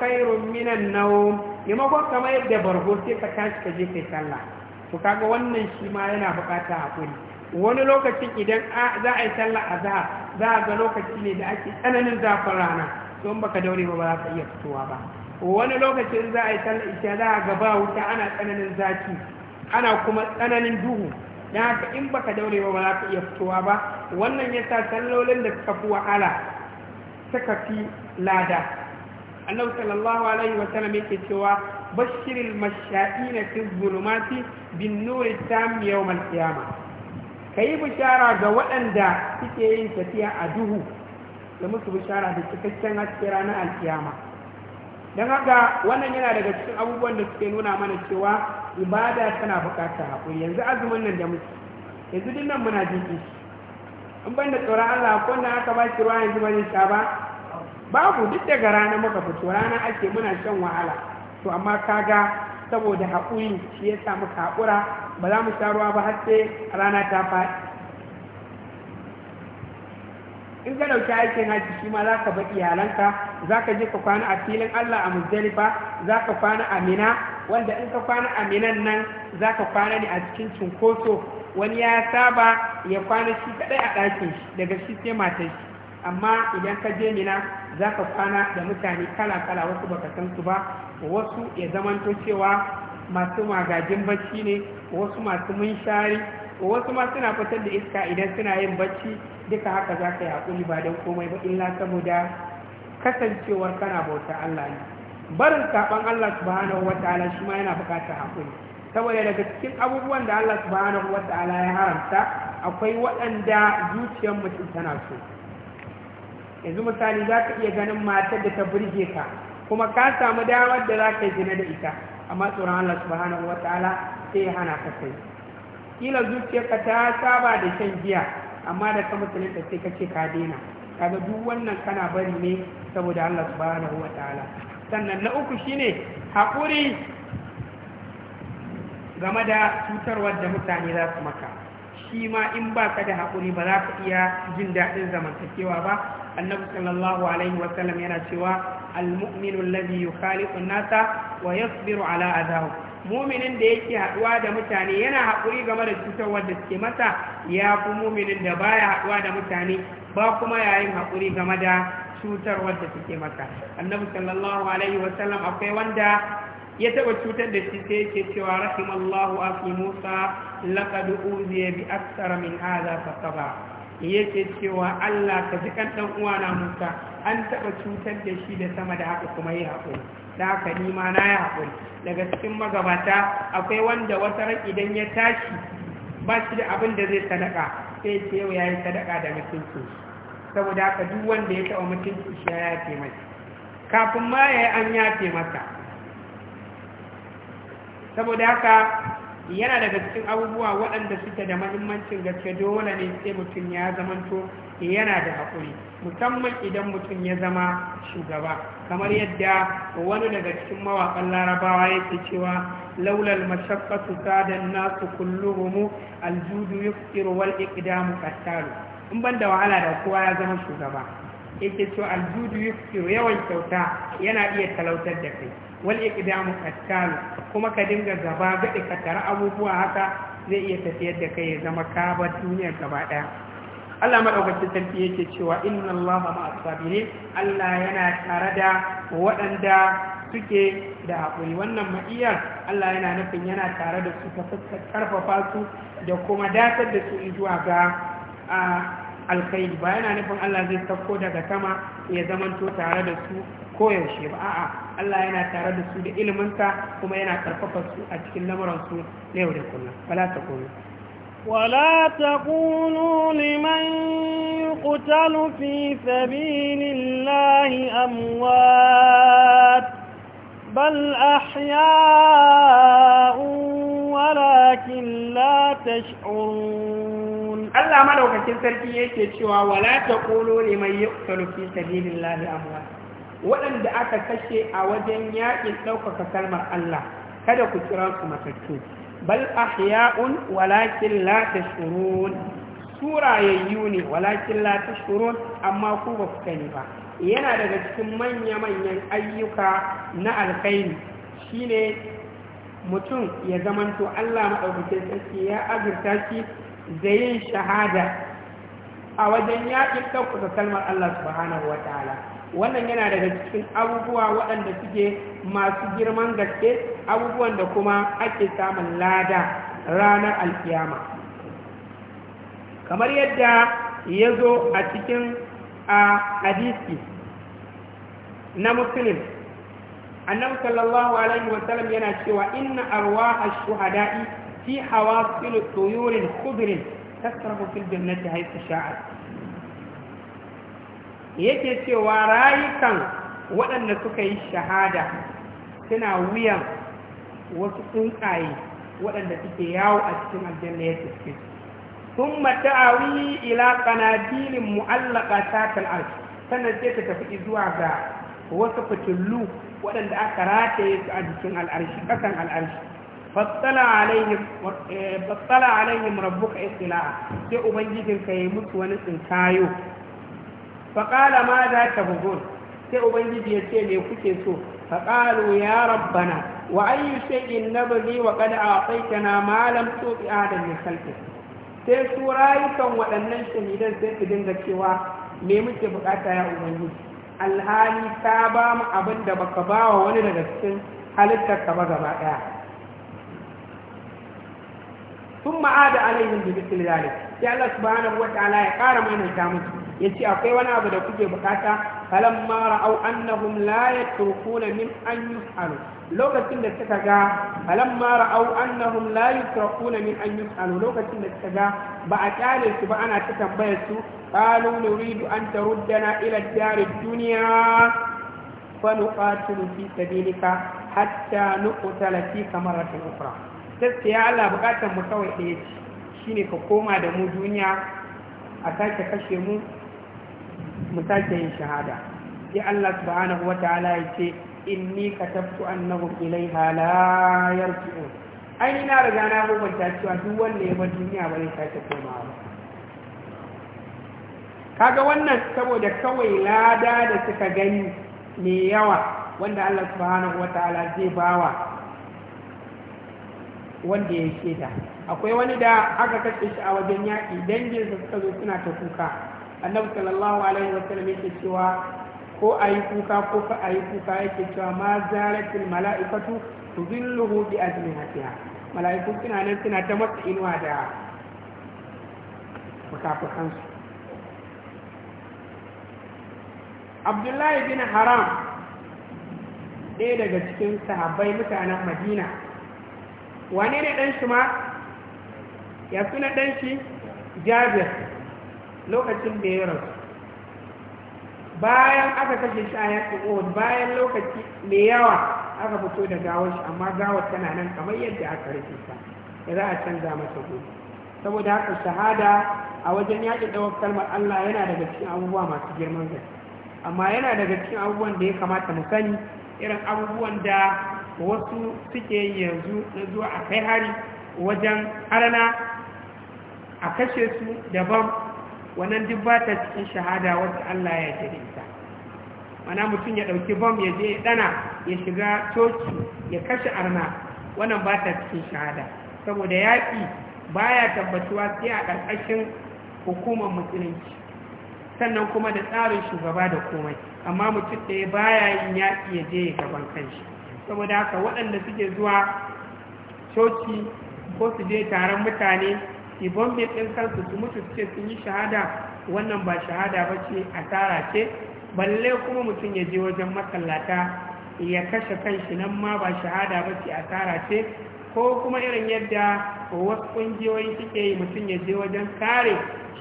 khairun minan nawm maimakon kama yadda bargo sai ka tashi ka je kai sallah to kaga wannan shi ma yana bukata hakuri wani lokacin idan za a yi sallah a za, za a ga lokaci ne da ake tsananin zafin rana to in baka daure ba ba za ka iya fitowa ba wani lokacin za a yi sallah isha za a ga ba wuta ana tsananin zafi ana kuma tsananin duhu dan haka in baka daure ba ba za ka iya fitowa ba wannan yasa sallolin da suka fi wahala suka fi lada annabi sallallahu alaihi wa sallam yake cewa bashiril masha'ina fi zulumati bin nuri tam yawm al-qiyamah kai bishara ga waɗanda suke yin tafiya a duhu da musu bishara da cikakken haske ranar alkiyama don haka wannan yana daga cikin abubuwan da suke nuna mana cewa ibada tana buƙatar haƙuri yanzu azumin nan da muke yanzu dinnan muna jiki in ban da tsoron Allah ko wanda aka ba shi ruwa yanzu ba zai sha ba babu duk daga rana muka fito rana ake muna shan wahala to amma kaga saboda haƙuri shi ya sa muka haƙura ba za mu sharuwa ba har sai rana ta faɗi in ka dauki aikin haji shi ma za ka ba iyalanka za ka je ka kwana a filin allah a muzdalifa za ka kwana a mina wanda in ka kwana a minan nan za ka kwana ne a cikin cunkoso wani ya saba ya kwana shi kadai a ɗakin shi daga shi sai matar shi amma idan ka je mina za ka kwana da mutane kala-kala wasu baka san su ba wasu ya zamanto cewa masu magajin bacci ne wasu masu munshari wasu ma suna fitar da iska idan suna yin bacci duka haka za ka yi haƙuri ba don komai ba illa saboda kasancewar kana bauta Allah ne barin saɓon Allah subhanahu wa ta'ala shi ma yana buƙatar haƙuri saboda daga cikin abubuwan da Allah subhanahu wa ta'ala ya haramta akwai waɗanda zuciyar mutum tana so yanzu misali za ka iya ganin matar da ta burge ka kuma ka samu damar da za ka yi gina da ita amma tsoron Allah subhanahu wa ta'ala sai ya hana ka sai kila ka ta saba da shan giya amma da ka musulunta sai ka ce ka daina kaga duk wannan kana bari ne saboda Allah subhanahu wa ta'ala sannan na uku shine haƙuri game da cutarwar da mutane za su maka shi ma in ba ka da haƙuri ba za ka iya jin daɗin zamantakewa ba annabi sallallahu alaihi wasallam yana cewa almu'minu alladhi yukhaliqu an-nasa wa yasbiru ala adahu muminin da yake haɗuwa da mutane yana haƙuri game da cutarwar da suke masa ya fi muminin da baya haɗuwa da mutane ba kuma yayin haƙuri game da cutarwar da suke masa annabi sallallahu alaihi wasallam akwai wanda ya taba cutar da shi sai yake cewa rahimallahu afi musa laqad uziya bi aksara min hadha fasaba yake cewa Allah ka ji kan dan uwana musa an taba cutar da shi da sama da haka kuma yi hakuri da haka ni ma na yi hakuri daga cikin magabata akwai wanda wata ran idan ya tashi ba shi da abin da zai sadaka sai ce yau yayi sadaka da mutunci saboda haka duk wanda ya taba mutunci shi ya yafe mai kafin ma yayi an yafe masa saboda haka yana daga cikin abubuwa waɗanda suke da mahimmancin gaske dole ne sai mutum ya zamanto yana da haƙuri musamman idan mutum ya zama shugaba kamar yadda wani daga cikin mawaƙan larabawa yake cewa laulal su sadan nasu kulluhum aljudu yuftiru wal iqdamu qattalu in ban da wahala da kowa ya zama shugaba yake to aljudu yake yawan kyauta yana iya talautar da kai wal iqdamu qattalu kuma ka dinga gaba gadi ka tara abubuwa haka zai iya tafiyar da kai ya zama ka bar duniyar gaba daya Allah madaukakin sarki yake cewa inna Allah ma'as sabirin Allah yana tare da waɗanda suke da haƙuri wannan ma'iyar Allah yana nufin yana tare da su ta karfafa su da kuma datar da su zuwa ga alkhairi ba yana nufin Allah zai sauko daga sama ya zamanto tare da su koyaushe ba a'a Allah yana tare da su da iliminsa kuma yana karfafa su a cikin lamuransu na yau da kullum fala ta kunu ولا تقولوا لمن يقتل في سبيل الله أموات بل أحياء ولكن لا تشعرون Allah madaukakin sarki yake cewa wala taqulu liman yuqtalu fi sabilillahi amwat waɗanda aka kashe a wajen yaƙin ɗaukaka kalmar Allah kada ku kira su matattu bal ahya'un walakin la tashurun surayayyu ne walakin la tashurun amma ku ba ku sani ba yana daga cikin manya-manyan ayyuka na alkhairi shine mutum ya zamanto Allah maɗaukacin sarki ya azurta shi da yin shahada a wajen yaƙin ɗaukaka kalmar Allah subhanahu wa ta'ala wannan yana daga cikin abubuwa waɗanda suke masu girman gaske abubuwan da kuma ake samun lada ranar alkiyama kamar yadda ya zo a cikin a hadisi na musulun annabi sallallahu alaihi wasallam yana cewa inna a shuhada'i في حواصل طيور خضر تسرح في الجنة حيث شاءت yake cewa rayukan waɗanda suka yi shahada suna wuyan wasu tsuntsaye waɗanda suke yawo a cikin aljanna ya tafi sun mata'awi ila kanadilin mu'allaka takal arsh sannan sai ta tafi zuwa ga wasu fitilu waɗanda aka rataye su a jikin al'arshi al'arshi fattala alaihim rabbuka istila'a sai ubangijin ka yi mutu wani tsinkayo faƙala ma za ta bugun sai ubangiji ya ce me kuke so faƙalu ya rabbana wa ayyu shay'in nabghi wa qad a'taytana ma lam tu'ti ahadan min khalqik sai su rayukan waɗannan shahidan sai su dinga cewa me muke buƙata ya ubangiji alhali ta ba mu abin da baka ba wa wani daga cikin ka ba gaba ɗaya sun da alaihim bi misli zalik sai Allah subhanahu wataala ya ƙara maimaita musu yace akwai wani abu da kuke bukata falamma ra'au annahum la yatrukuna min an yus'alu lokacin da suka ga falamma ra'au annahum la yatrukuna min an yus'alu lokacin da suka ga ba a kyale su ba ana ta tambayar su qalu nuridu an taruddana ila ad-dari fa nuqatilu fi sabilika gaskiya Allah bukatar mu kawai ɗaya ce shine ka koma da mu duniya a sake kashe mu mu sake yin shahada sai Allah subhanahu ta'ala ya ce inni katabtu annahum ilaiha la yarji'u ai na riga na hukunta cewa duk wanda ya bar duniya ba zai sake komawa ba kaga wannan saboda kawai lada da suka gani ne yawa wanda Allah subhanahu ta'ala zai bawa wanda ya keta akwai wani da aka kashe shi a wajen yaƙi danginsa suka zo suna ta kuka annabi sallallahu alaihi wasallam yake cewa ko a yi kuka ko ka a yi kuka yake cewa ma zalatil mala'ikatu tuzilluhu bi hafiya mala'iku suna nan suna ta masa inuwa da fukafukansu abdullahi bin haram ɗaya daga cikin sahabbai mutanen madina wane ne ɗan shi ma ya suna ɗan shi jabir lokacin da ya rasu bayan aka kashe shi a yakin bayan lokaci mai yawa aka fito da gawar shi amma gawar tana nan kamar yadda aka rufe ta ya za a canza masa gobe saboda haka shahada a wajen yaƙi ɗawar kalmar Allah yana daga cikin abubuwa masu girman gaske amma yana daga cikin abubuwan da ya kamata mu sani irin abubuwan da wasu suke yanzu na zuwa a kai hari wajen harana a kashe su daban wannan duk ba ta cikin shahada wadda Allah ya yarda ita mana mutum ya ɗauki bom ya je ɗana ya shiga coci ya kashe arna wannan ba ta cikin shahada saboda yaƙi baya tabbatuwa sai a ƙarƙashin hukumar musulunci sannan kuma da tsarin shugaba da komai amma mutum da ya baya yin yaƙi ya je gaban kanshi saboda haka waɗanda suke zuwa coci ko su je taron mutane ibon bai ɗin kansu su mutu suke sun yi shahada wannan ba shahada ba ce tarace ce balle kuma mutum ya je wajen masallata ya kashe kanshi nan ma ba shahada ba ce tara ce ko kuma irin yadda wasu ƙungiyoyi suke yi mutum ya je wajen kare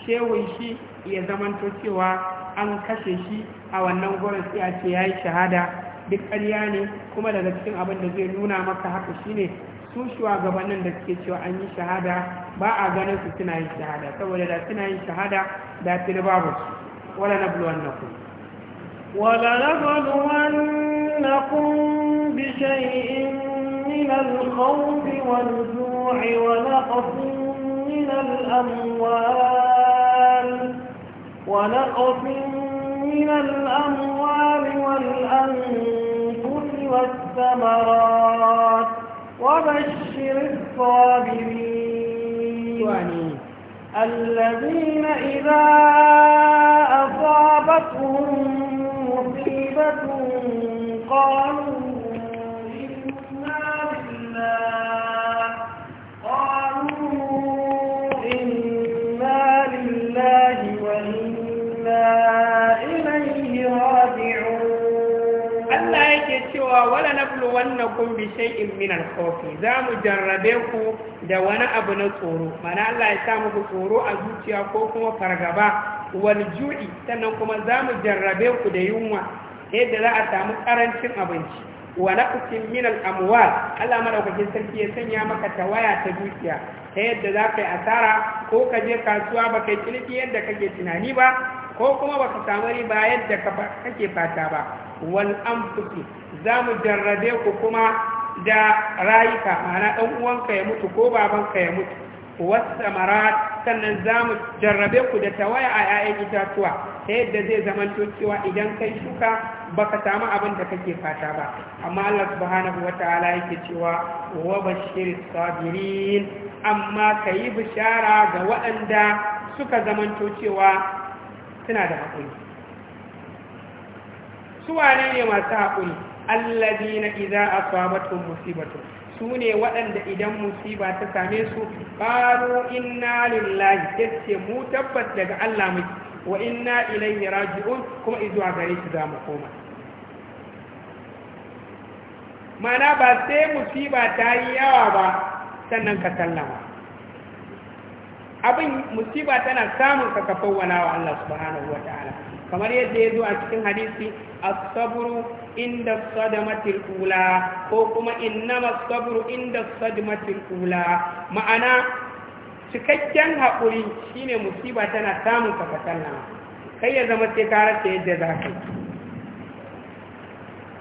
shewun shi ya zamanto cewa an kashe shi a wannan gwamnati a ce ya yi shahada duk ƙarya ne kuma daga cikin abin da zai nuna maka haka shine su shugabannin da suke cewa an yi shahada ba a ganin su suna yin shahada saboda da suna yin shahada da tuni babu su wala na bulwan na ku wala na buluwan na kun bi shay'in min al-khawf wal ju'i wa naqsin min al-amwal wa من الأموال والأنفس والثمرات وبشر الصابرين الذين إذا أصابتهم مصيبة kun bi shay'in min al khawfi za mu jarrabe ku da wani abu na tsoro mana Allah ya sa muku tsoro a zuciya ko kuma fargaba wal ju'i sannan kuma za mu jarrabe ku da yunwa yadda za a samu karancin abinci wa naqsin min al-amwal Allah madaukakin sarki ya sanya maka tawaya ta zuciya. ta yadda za ka yi asara ko ka je kasuwa ba kai ciniki yadda kake tunani ba ko kuma ba ka samu riba yadda kake fata ba wal anfusi za mu jarrabe ku kuma da rayuka mana ɗan uwanka ya mutu ko babanka ya mutu wasamara sannan za mu jarrabe ku da tawaya a 'ya'yan itatuwa ta yadda zai zama cewa idan kai shuka ba ka samu abin da kake fata ba amma Allah subhanahu ala yake cewa wa bashir sabirin amma ka yi bishara ga waɗanda suka zama cewa suna da hakuri su wane ne masu haƙuri iza a sabatun musibatu su ne waɗanda idan musiba ta same su qalu inna lillahi ce mu tabbat daga Allah mai wa inna ilaihi raji'un kuma izuwa gare shi za mu koma mana ba sai musiba ta yi yawa ba sannan ka sallama abin musiba tana samun ka ka wa Allah subhanahu wataala kamar yadda ya zo a cikin hadisi as-sabru inda sadamatil ula ko kuma innama sabru inda sadamatil ula ma'ana cikakken haƙuri shine musiba tana samun ka kasalla kai ya zama sai ka rasa yadda za ka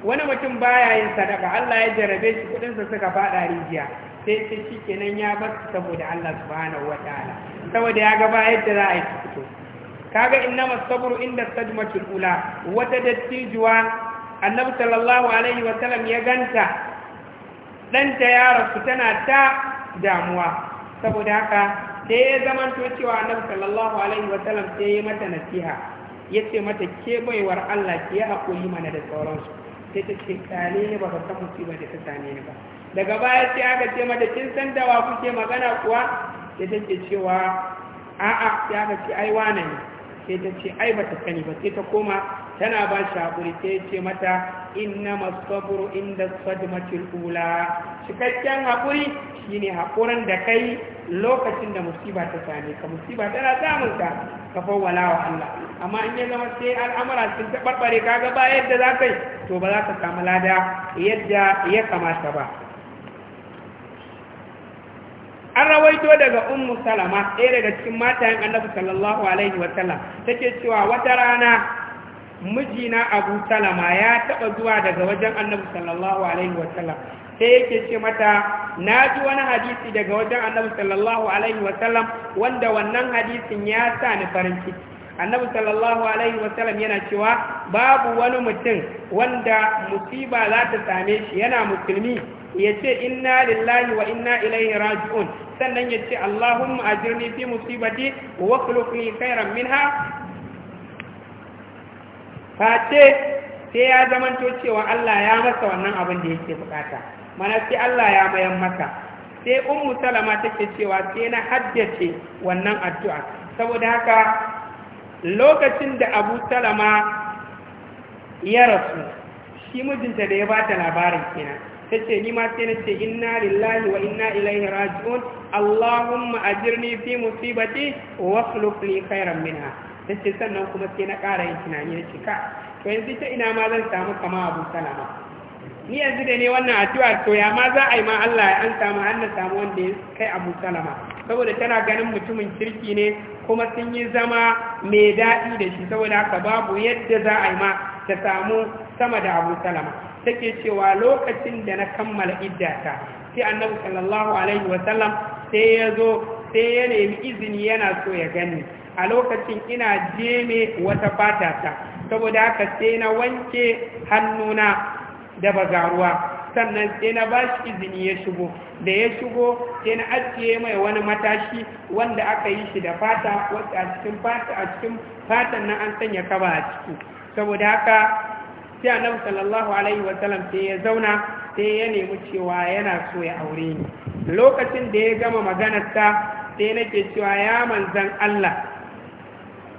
wani mutum baya yin sadaka Allah ya jarabe shi kudinsa suka faɗa rijiya sai ce shi kenan ya bar saboda Allah subhanahu ta'ala saboda ya gaba yadda za a yi fito kaga inna masabru inda sajmatul ula wata dattijuwa annabi sallallahu alaihi wa sallam ya ganta Ɗanta ya rasu tana ta damuwa saboda haka sai ya to cewa annabi sallallahu alaihi wa sallam sai ya mata nasiha ya ce mata ke baiwar Allah ki ya haƙuri mana da sauransu sai ta ce kale ba ka san musibar da ta same ni ba daga baya sai aka ce mata kin san da wa kuke magana kuwa sai take cewa a'a sai aka ce ai wane ne sai ta ce ai bata sani ba sai ta koma tana ba shi hakuri sai ya ce mata inna masabru inda sadmatil ula cikakken hakuri shine hakuran da kai lokacin da musiba ta same ka musiba tana samun ka ka fawwala wa Allah amma in ya zama sai al'amura sun tabarbare kaga ba yadda za kai to ba za ka samu lada yadda ya kamata ba an rawaito daga ummu salama ɗaya daga cikin matayen annabi sallallahu alaihi wasallam take cewa wata rana mijina abu salama ya taɓa zuwa daga wajen annabi sallallahu alaihi wasallam sai yake ce mata na ji wani hadisi daga wajen annabi sallallahu alaihi wasallam wanda wannan hadisin ya sa ni farin ciki annabi sallallahu alaihi wasallam yana cewa babu wani mutum wanda musiba za ta same shi yana musulmi ya ce inna lillahi wa inna ilaihi raji'un sannan ya ce allahumma ajirni fi musibati wa khluqni khairan minha face sai ya zamanto cewa Allah ya masa wannan abin da yake bukata mana sai Allah ya mayan masa sai ummu salama take cewa sai na haddace wannan addu'a saboda haka lokacin da abu salama ya rasu shi mijinta da ya ba ta labarin kenan ta ce ni ma sai na ce inna lillahi wa inna ilaihi raji'un allahumma ajirni fi musibati wa akhluq li khairan minha ta ce sannan kuma sai na ƙara yin tunani na cika to yanzu ta ina ma zan samu kama abu salama ni yanzu da ne wannan addu'ar to ya ma za a yi ma Allah ya an samu an samu wanda ya kai abu salama saboda tana ganin mutumin kirki ne kuma sun yi zama mai daɗi da shi saboda haka babu yadda za a yi ma ta samu sama da abu salama take cewa lokacin da na kammala iddata sai annabi sallallahu alaihi wasallam sai ya zo sai ya nemi izini yana so ya gani a lokacin ina jeme wata fata ta saboda haka sai na wanke hannuna da ruwa sannan sai na ba shi izini ya shigo da ya shigo sai na ajiye mai wani matashi wanda aka yi shi da fata wacce a cikin fata a cikin fatan nan an sanya kaba a ciki saboda haka sai annabi sallallahu alaihi wasallam sai ya zauna sai ya nemi cewa yana so ya aure ni lokacin da ya gama maganarsa sai nake cewa ya manzan Allah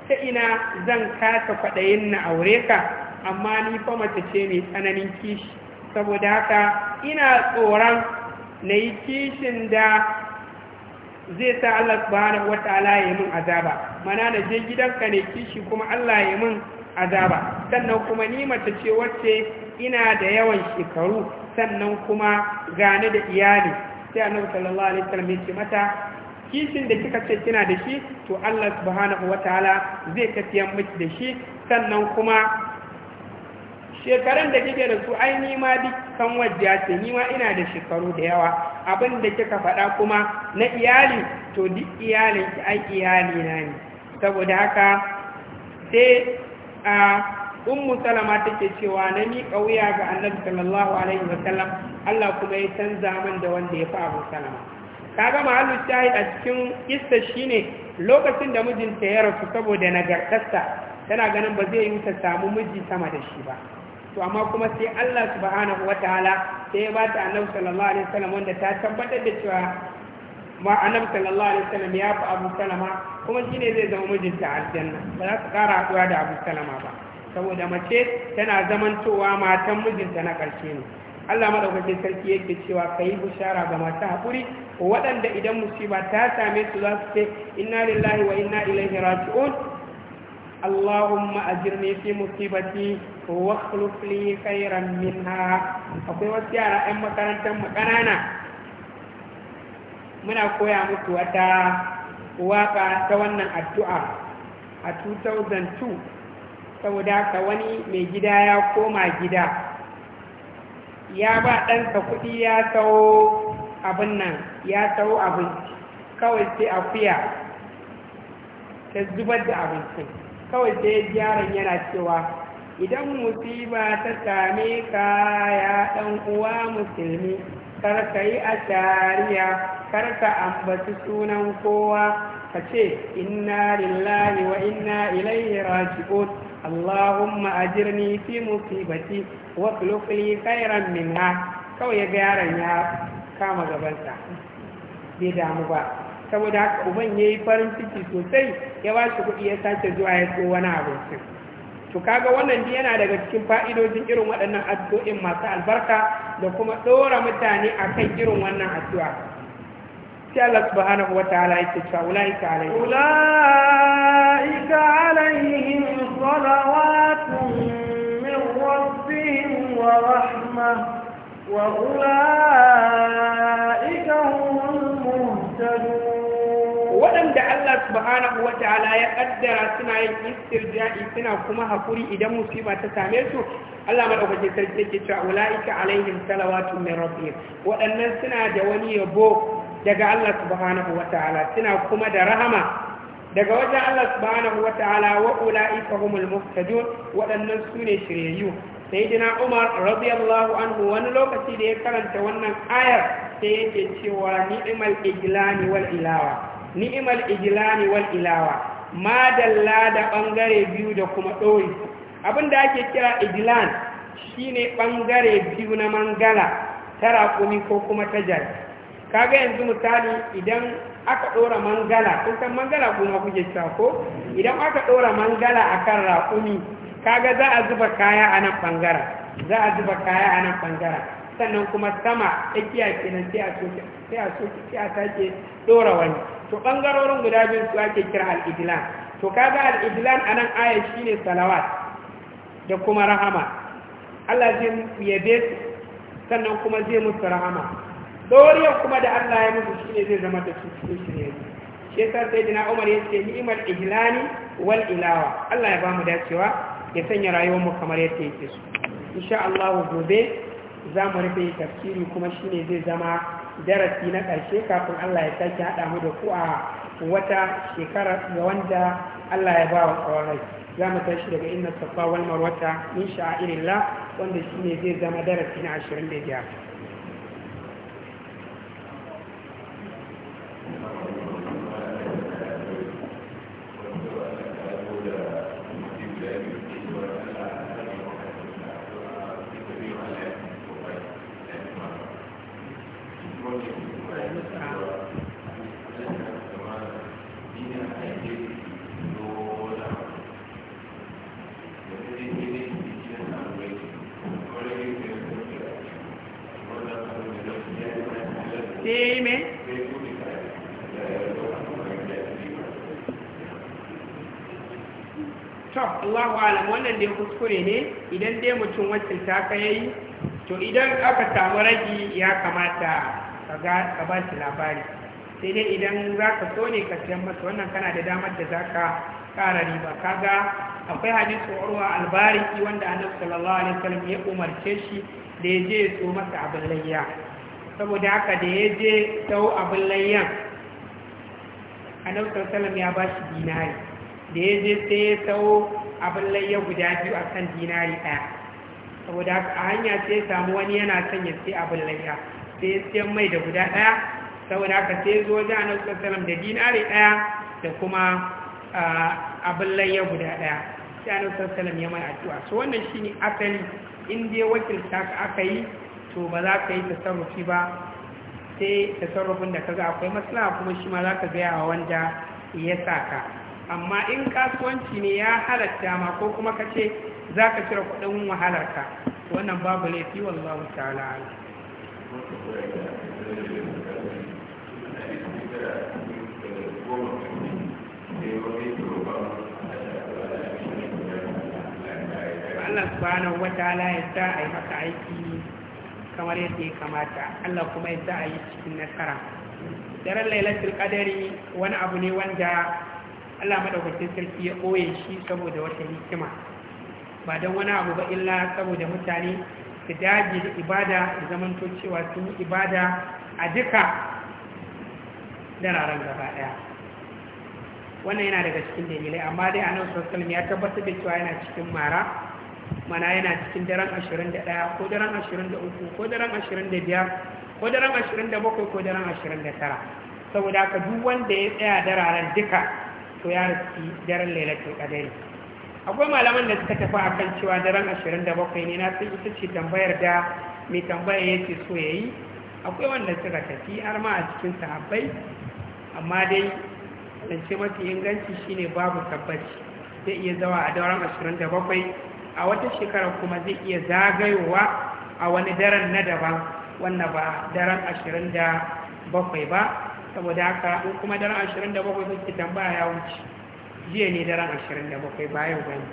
ta ina zan kasa kwaɗayin na aure ka amma ni fa mace ce mai tsananin kishi saboda haka ina tsoron na yi kishin da zai sa Allah subhanahu wataala ya min azaba mana na je gidanka ne kishi kuma Allah ya min azaba sannan kuma ni mace ce wacce ina da yawan shekaru sannan kuma gane da iyali sai annabi sallallahu alaihi wasallam ya ce mata kishin da kika ce kina da shi to Allah subhanahu wataala zai tafiyan miki da shi sannan kuma shekarun da kike da su ai ni ma dukkan wajja ce ni ma ina da shekaru da yawa abin da kika faɗa kuma na iyali to duk iyalin ki ai iyali na ne saboda haka sai a ummu salama take cewa na miƙa wuya ga annabi sallallahu alaihi wa sallam Allah kuma ya canza min da wanda ya fi abu salama kaga mahallu shahid a cikin kissa shine lokacin da mijinta ya rasu saboda nagartarsa tana ganin ba zai yi ta samu miji sama da shi ba to amma kuma sai Allah subhanahu ta'ala sai ya bata annabi sallallahu alaihi wasallam wanda ta tabbatar da cewa ma annabi sallallahu alaihi wasallam ya fi Abu Salama kuma shine zai zama mijinta aljanna ba za su ƙara haɗuwa da Abu Salama ba saboda mace tana zamantowa matan mijinta na ƙarshe ne Allah madaukakin sarki yake cewa kai bushara ga masu haƙuri waɗanda idan musiba ta same su za su ce inna lillahi wa inna ilaihi raji'un Allahumma ajirni fi musibati واخلف لي خيرا منها akwai wasu yara 'yan makarantar mu ƙanana muna koya muku wata waƙa ta wannan addu'a a 2002 saboda ka wani mai gida ya koma gida ya ba ɗansa kuɗi ya tsawo abin nan ya tsawo abinci kawai sai akuya ta zubar da abincin kawai sai yaron yana cewa idan musiba ta same ka ya ɗan uwa musulmi karka yi a tariya karka ambaci sunan kowa ka ce inna lillahi wa inna ilaihi raji'un allahumma ajirni fi musibati wa kulukuli khairan minha kawai ya ga yaron ya kama gabansa bai damu ba saboda haka uban yi farin ciki sosai ya ba shi kuɗi ya sace zuwa ya so wani abincin to kaga wannan duk yana daga cikin fa'idojin irin waɗannan addu'o'in masu albarka da kuma ɗora mutane akan irin wannan addu'a sai Allah subhanahu wa ta'ala yake cewa alaihi ulai ka alaihi salawatun min rabbihim wa rahma wa ulai subhanahu wa ta'ala ya kaddara suna yin istirja'i suna kuma hakuri idan musiba ta same su Allah madaukake sarki yake cewa ulaika alaihim salawatun min rabbihim waɗannan suna da wani yabo daga Allah subhanahu wa ta'ala suna kuma da rahama daga wajen Allah subhanahu wa ta'ala wa ulaika humul muhtadun waɗannan su ne shiryayyu sayyidina Umar radiyallahu anhu wani lokaci da ya karanta wannan ayar sai yake cewa ni'mal ijlani wal ilawa ni'mal ijlani wal ilawa ma dalla da bangare biyu da kuma ɗori abin da ake kira ijlan shine bangare biyu na mangala ta raƙumi ko kuma ta jari kaga yanzu misali idan aka ɗora mangala kun san mangala kuma kuke cewa ko idan aka ɗora mangala akan raƙumi kaga za a zuba kaya a nan bangara za a zuba kaya a nan bangara sannan kuma sama tsakiya kenan sai a soke sai a soke sai a sake ɗora wani to bangarorin guda biyu su ake kira al to kaga al a nan aya ne salawat da kuma rahama Allah zai yabe su sannan kuma zai musu rahama doriyar kuma da Allah ya musu ne zai zama da cikin shi ne shi yasa sai dina Umar ya ce ni'mal ijlani wal ilawa Allah ya ba mu dacewa ya sanya rayuwar mu kamar yadda yake so insha Allah gobe za mu rufe tafsiri kuma ne zai zama darasi na ƙarshe kafin Allah ya sake haɗa mu da ku a wata shekara ga wanda Allah ya ba wa tsawon za mu tashi daga inna safa wal marwata in la wanda ne zai zama darasi na ashirin da 25 kuskure ne idan dai mutum wacin taka ya to idan aka samu ragi ya kamata ka ba shi labari sai dai idan za ka so ne ka siyan masa wannan kana da damar da za ka kara riba ka ga akwai hadisu urwa albariki wanda annabi sallallahu alaihi wasallam ya umarce shi da ya je ya so masa abin layya saboda haka da ya je tau abin layyan annabi sallallahu alaihi wasallam ya ba shi dinari da ya je sai ya tau. abin layya guda biyu a kan dinari ɗaya saboda a hanya sai ya samu wani yana son ya sai abin layya sai ya siyan mai da guda ɗaya saboda haka sai ya zo wajen da dinari ɗaya da kuma abin layya guda ɗaya sai annabi sallallahu ya mai addu'a so wannan shi ne asali in dai wakilta ka aka yi to ba za ka yi tasarrufi ba sai tasarrufin da ka ga. akwai maslaha kuma shi ma za ka gaya wa wanda ya sa ka amma in kasuwanci ne ya halatta ma ko kuma ka ce za ka cire kudin wahalarka wannan babu laifi wallahu ta'ala Allah subhanahu wa ta'ala ya sa a yi maka aiki kamar yadda ya kamata Allah kuma ya sa a yi cikin nasara daren lailatul qadari wani abu ne wanda Allah madaukakin sarki ya koye shi saboda wata hikima ba don wani abu ba illa saboda mutane su daji da ibada da to cewa sun yi ibada a duka dararen gaba ɗaya wannan yana daga cikin dalilai amma dai a nan sosalim ya tabbatar da cewa yana cikin mara mana yana cikin daren 21 ko daren 23 ko daren 25 ko daren 27 ko daren 29 saboda haka duk wanda ya tsaya dararen duka to ya rufi daren lailatul qadari akwai malaman da suka tafi akan cewa daren 27 ne na san ita ce tambayar da mai tambaya yake so yayi akwai wanda suka tafi har ma a cikin sahabbai amma dai ce mafi inganci shine babu tabbaci zai iya zawa a daren 27 a wata shekara kuma zai iya zagayowa a wani daren na daban wannan ba daren ashirin da bakwai ba saboda haka kuma daren 27 kuke tambaya ya wuce jiya ne daren 27 bayan gani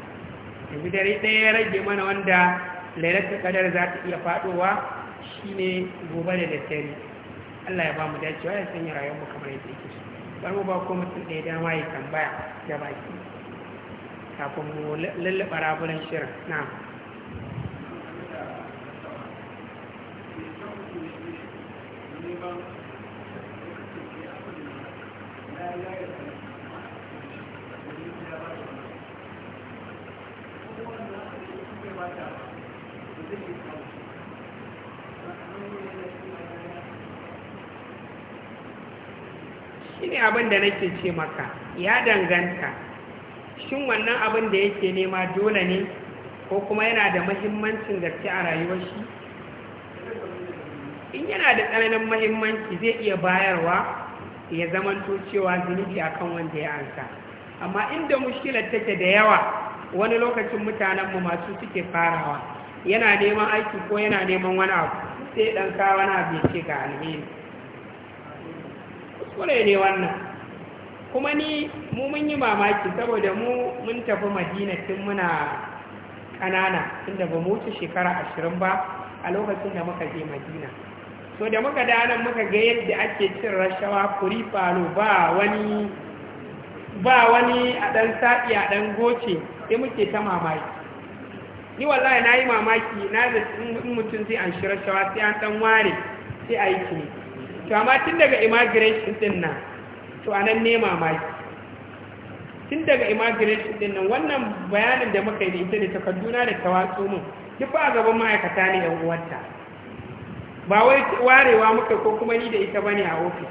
yanzu dare ɗaya ya rage mana wanda lailatul kadar za ta iya faɗowa shine gobe da daddare Allah ya ba mu dacewa ya sanya rayuwar mu kamar yadda yake bar mu ba ko mutum ɗaya dama waye tambaya ga baki kafin mu lallaɓa rabunan shirin na. shine abin da nake ce maka ya danganta shin wannan abin da yake nema dole ne ko kuma yana da mahimmancin gaske a rayuwar shi in yana da tsananin mahimmanci zai iya bayarwa ya zamanto cewa zunubi akan wanda ya ansa amma inda mushkilar take da yawa wani lokacin mutanenmu masu suke farawa yana neman aiki ko yana neman wani abu sai dan kawo wani abu ya ga alheri kuskure ne wannan kuma ni mu mun yi mamaki saboda mu mun tafi madina tun muna ƙanana inda ba mu wuce shekara ashirin ba a lokacin da muka je madina to da muka nan muka ga yadda ake cin rashawa kuri falo ba wani ba wani a ɗan sa'i a ɗan goce sai muke ta mamaki ni wallahi na yi mamaki na da in mutum zai an shi rashawa sai an ɗan ware sai a yi kini to amma tun daga immigration ɗin nan to a nan ne mamaki tun daga immigration ɗin nan wannan bayanin da muka yi da ita da takarduna da tawatsu mun duk ba a gaban ma'aikata ne yan uwarta ba wai warewa muka ko kuma ni da ita bane a ofis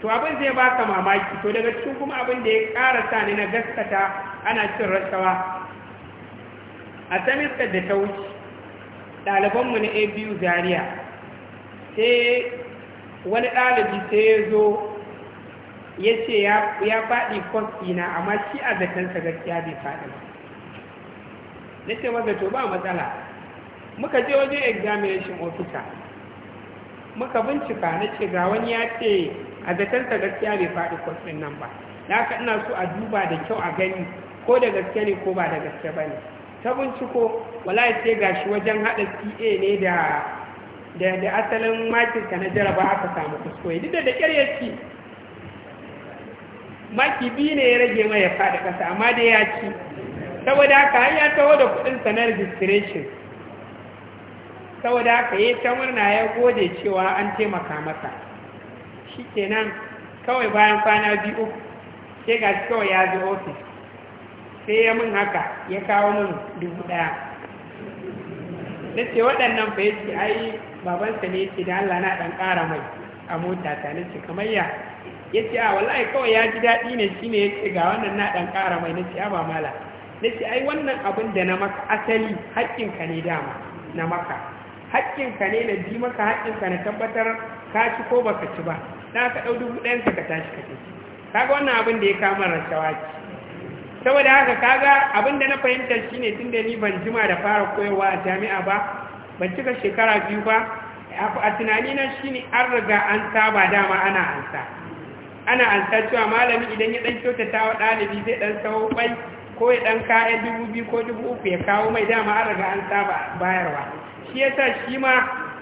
to abin zai baka mamaki to daga cikin kuma abin da ya ƙara sa ni na gaskata ana cin rashawa a samiskar da ta wuce ɗalibanmu na abu zaria sai wani ɗalibi sai ya zo ya ce ya faɗi kwasina amma shi a zatensa gaskiya bai faɗi ba na ce maza to ba matsala muka je wajen examination officer muka bincika na ce ga wani ya ce a zatarsa gaskiya bai faɗi kwasfin nan ba da haka ina so a duba da kyau a gani ko da gaske ne ko ba da gaske ba ne ta binciko wala ya ce gashi wajen haɗa ca ne da da asalin makinka na jaraba aka samu kuskure duk da da ƙyar ya ci maki biyu ne ya rage mai ya faɗi ƙasa amma da ya ci saboda haka har ya taho da kuɗinsa na registration saboda haka ya ta murna ya gode cewa an taimaka masa shi kenan kawai bayan kwana biyu uku sai ga kawai ya zo ofis sai ya min haka ya kawo min dubu ɗaya na ce waɗannan fa ya ce ai babansa ne ya ce da Allah na ɗan ƙara mai a mota ta na kamar ya ya ce a wallahi kawai ya ji daɗi ne shi ne ya ce ga wannan na ɗan ƙara mai na a ba mala na ce ai wannan abin da na maka asali haƙƙinka ne dama na maka haƙƙinka ne na ji maka haƙƙinka na tabbatar ka ci ko baka ci ba za ka ɗau dubu ɗayan ka tashi ka ci kaga wannan abin da ya kama rashawa ce saboda haka kaga abin da na fahimta shine da ni ban jima da fara koyarwa a jami'a ba ban cika shekara biyu ba a tunani na ne an riga an saba dama ana ansa ana ansa cewa malami idan ya dan kyautata wa ɗalibi zai ɗan sawo bai ko ya dan kayan dubu biyu ko dubu uku ya kawo mai dama an riga an saba bayarwa shi yasa shi ma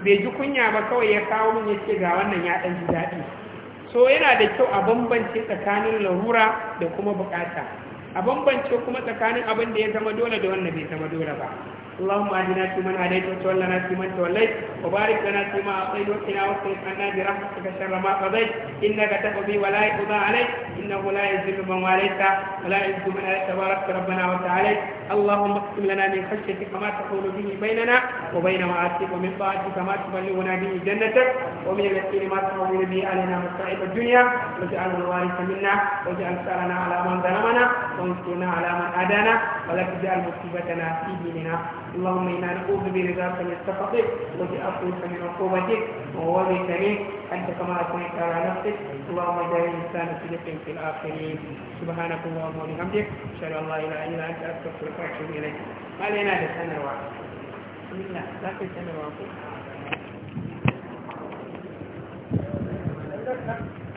bai ji kunya ba kawai ya kawo min ce ga wannan ya dan daɗi so yana da kyau a bambance tsakanin larura da kuma bukata a bambance kuma tsakanin abin da ya zama dole da wannan bai zama dole ba اللهم اهدنا فيمن هديت وتولنا فيمن توليت وبارك لنا فيما اعطيت وقنا واصرف عنا برحمتك شر ما قضيت انك تقضي ولا يقضى عليك انه لا يذل من واليت ولا يعز من عليك تبارك ربنا وتعالى اللهم اقسم لنا من خشيتك ما تحول به بيننا وبين معاصيك ومن طاعتك ما تبلغنا به جنتك ومن اليقين ما تحول به علينا مصائب الدنيا واجعله الوارث منا واجعل ثارنا على من ظلمنا وانصرنا على من عادانا ولا تجعل مصيبتنا في ديننا اللهم إنا نعوذ برضاك من سخطك وبعفوك من عقوبتك وبك منك أنت كما أثنيت على نفسك اللهم اجعل الإنسان في في الآخرين سبحانك اللهم وبحمدك أشهد أن لا إله إلا أنت أستغفرك وأتوب إليك ما لنا لسنة بسم الله لا تسنة واحدة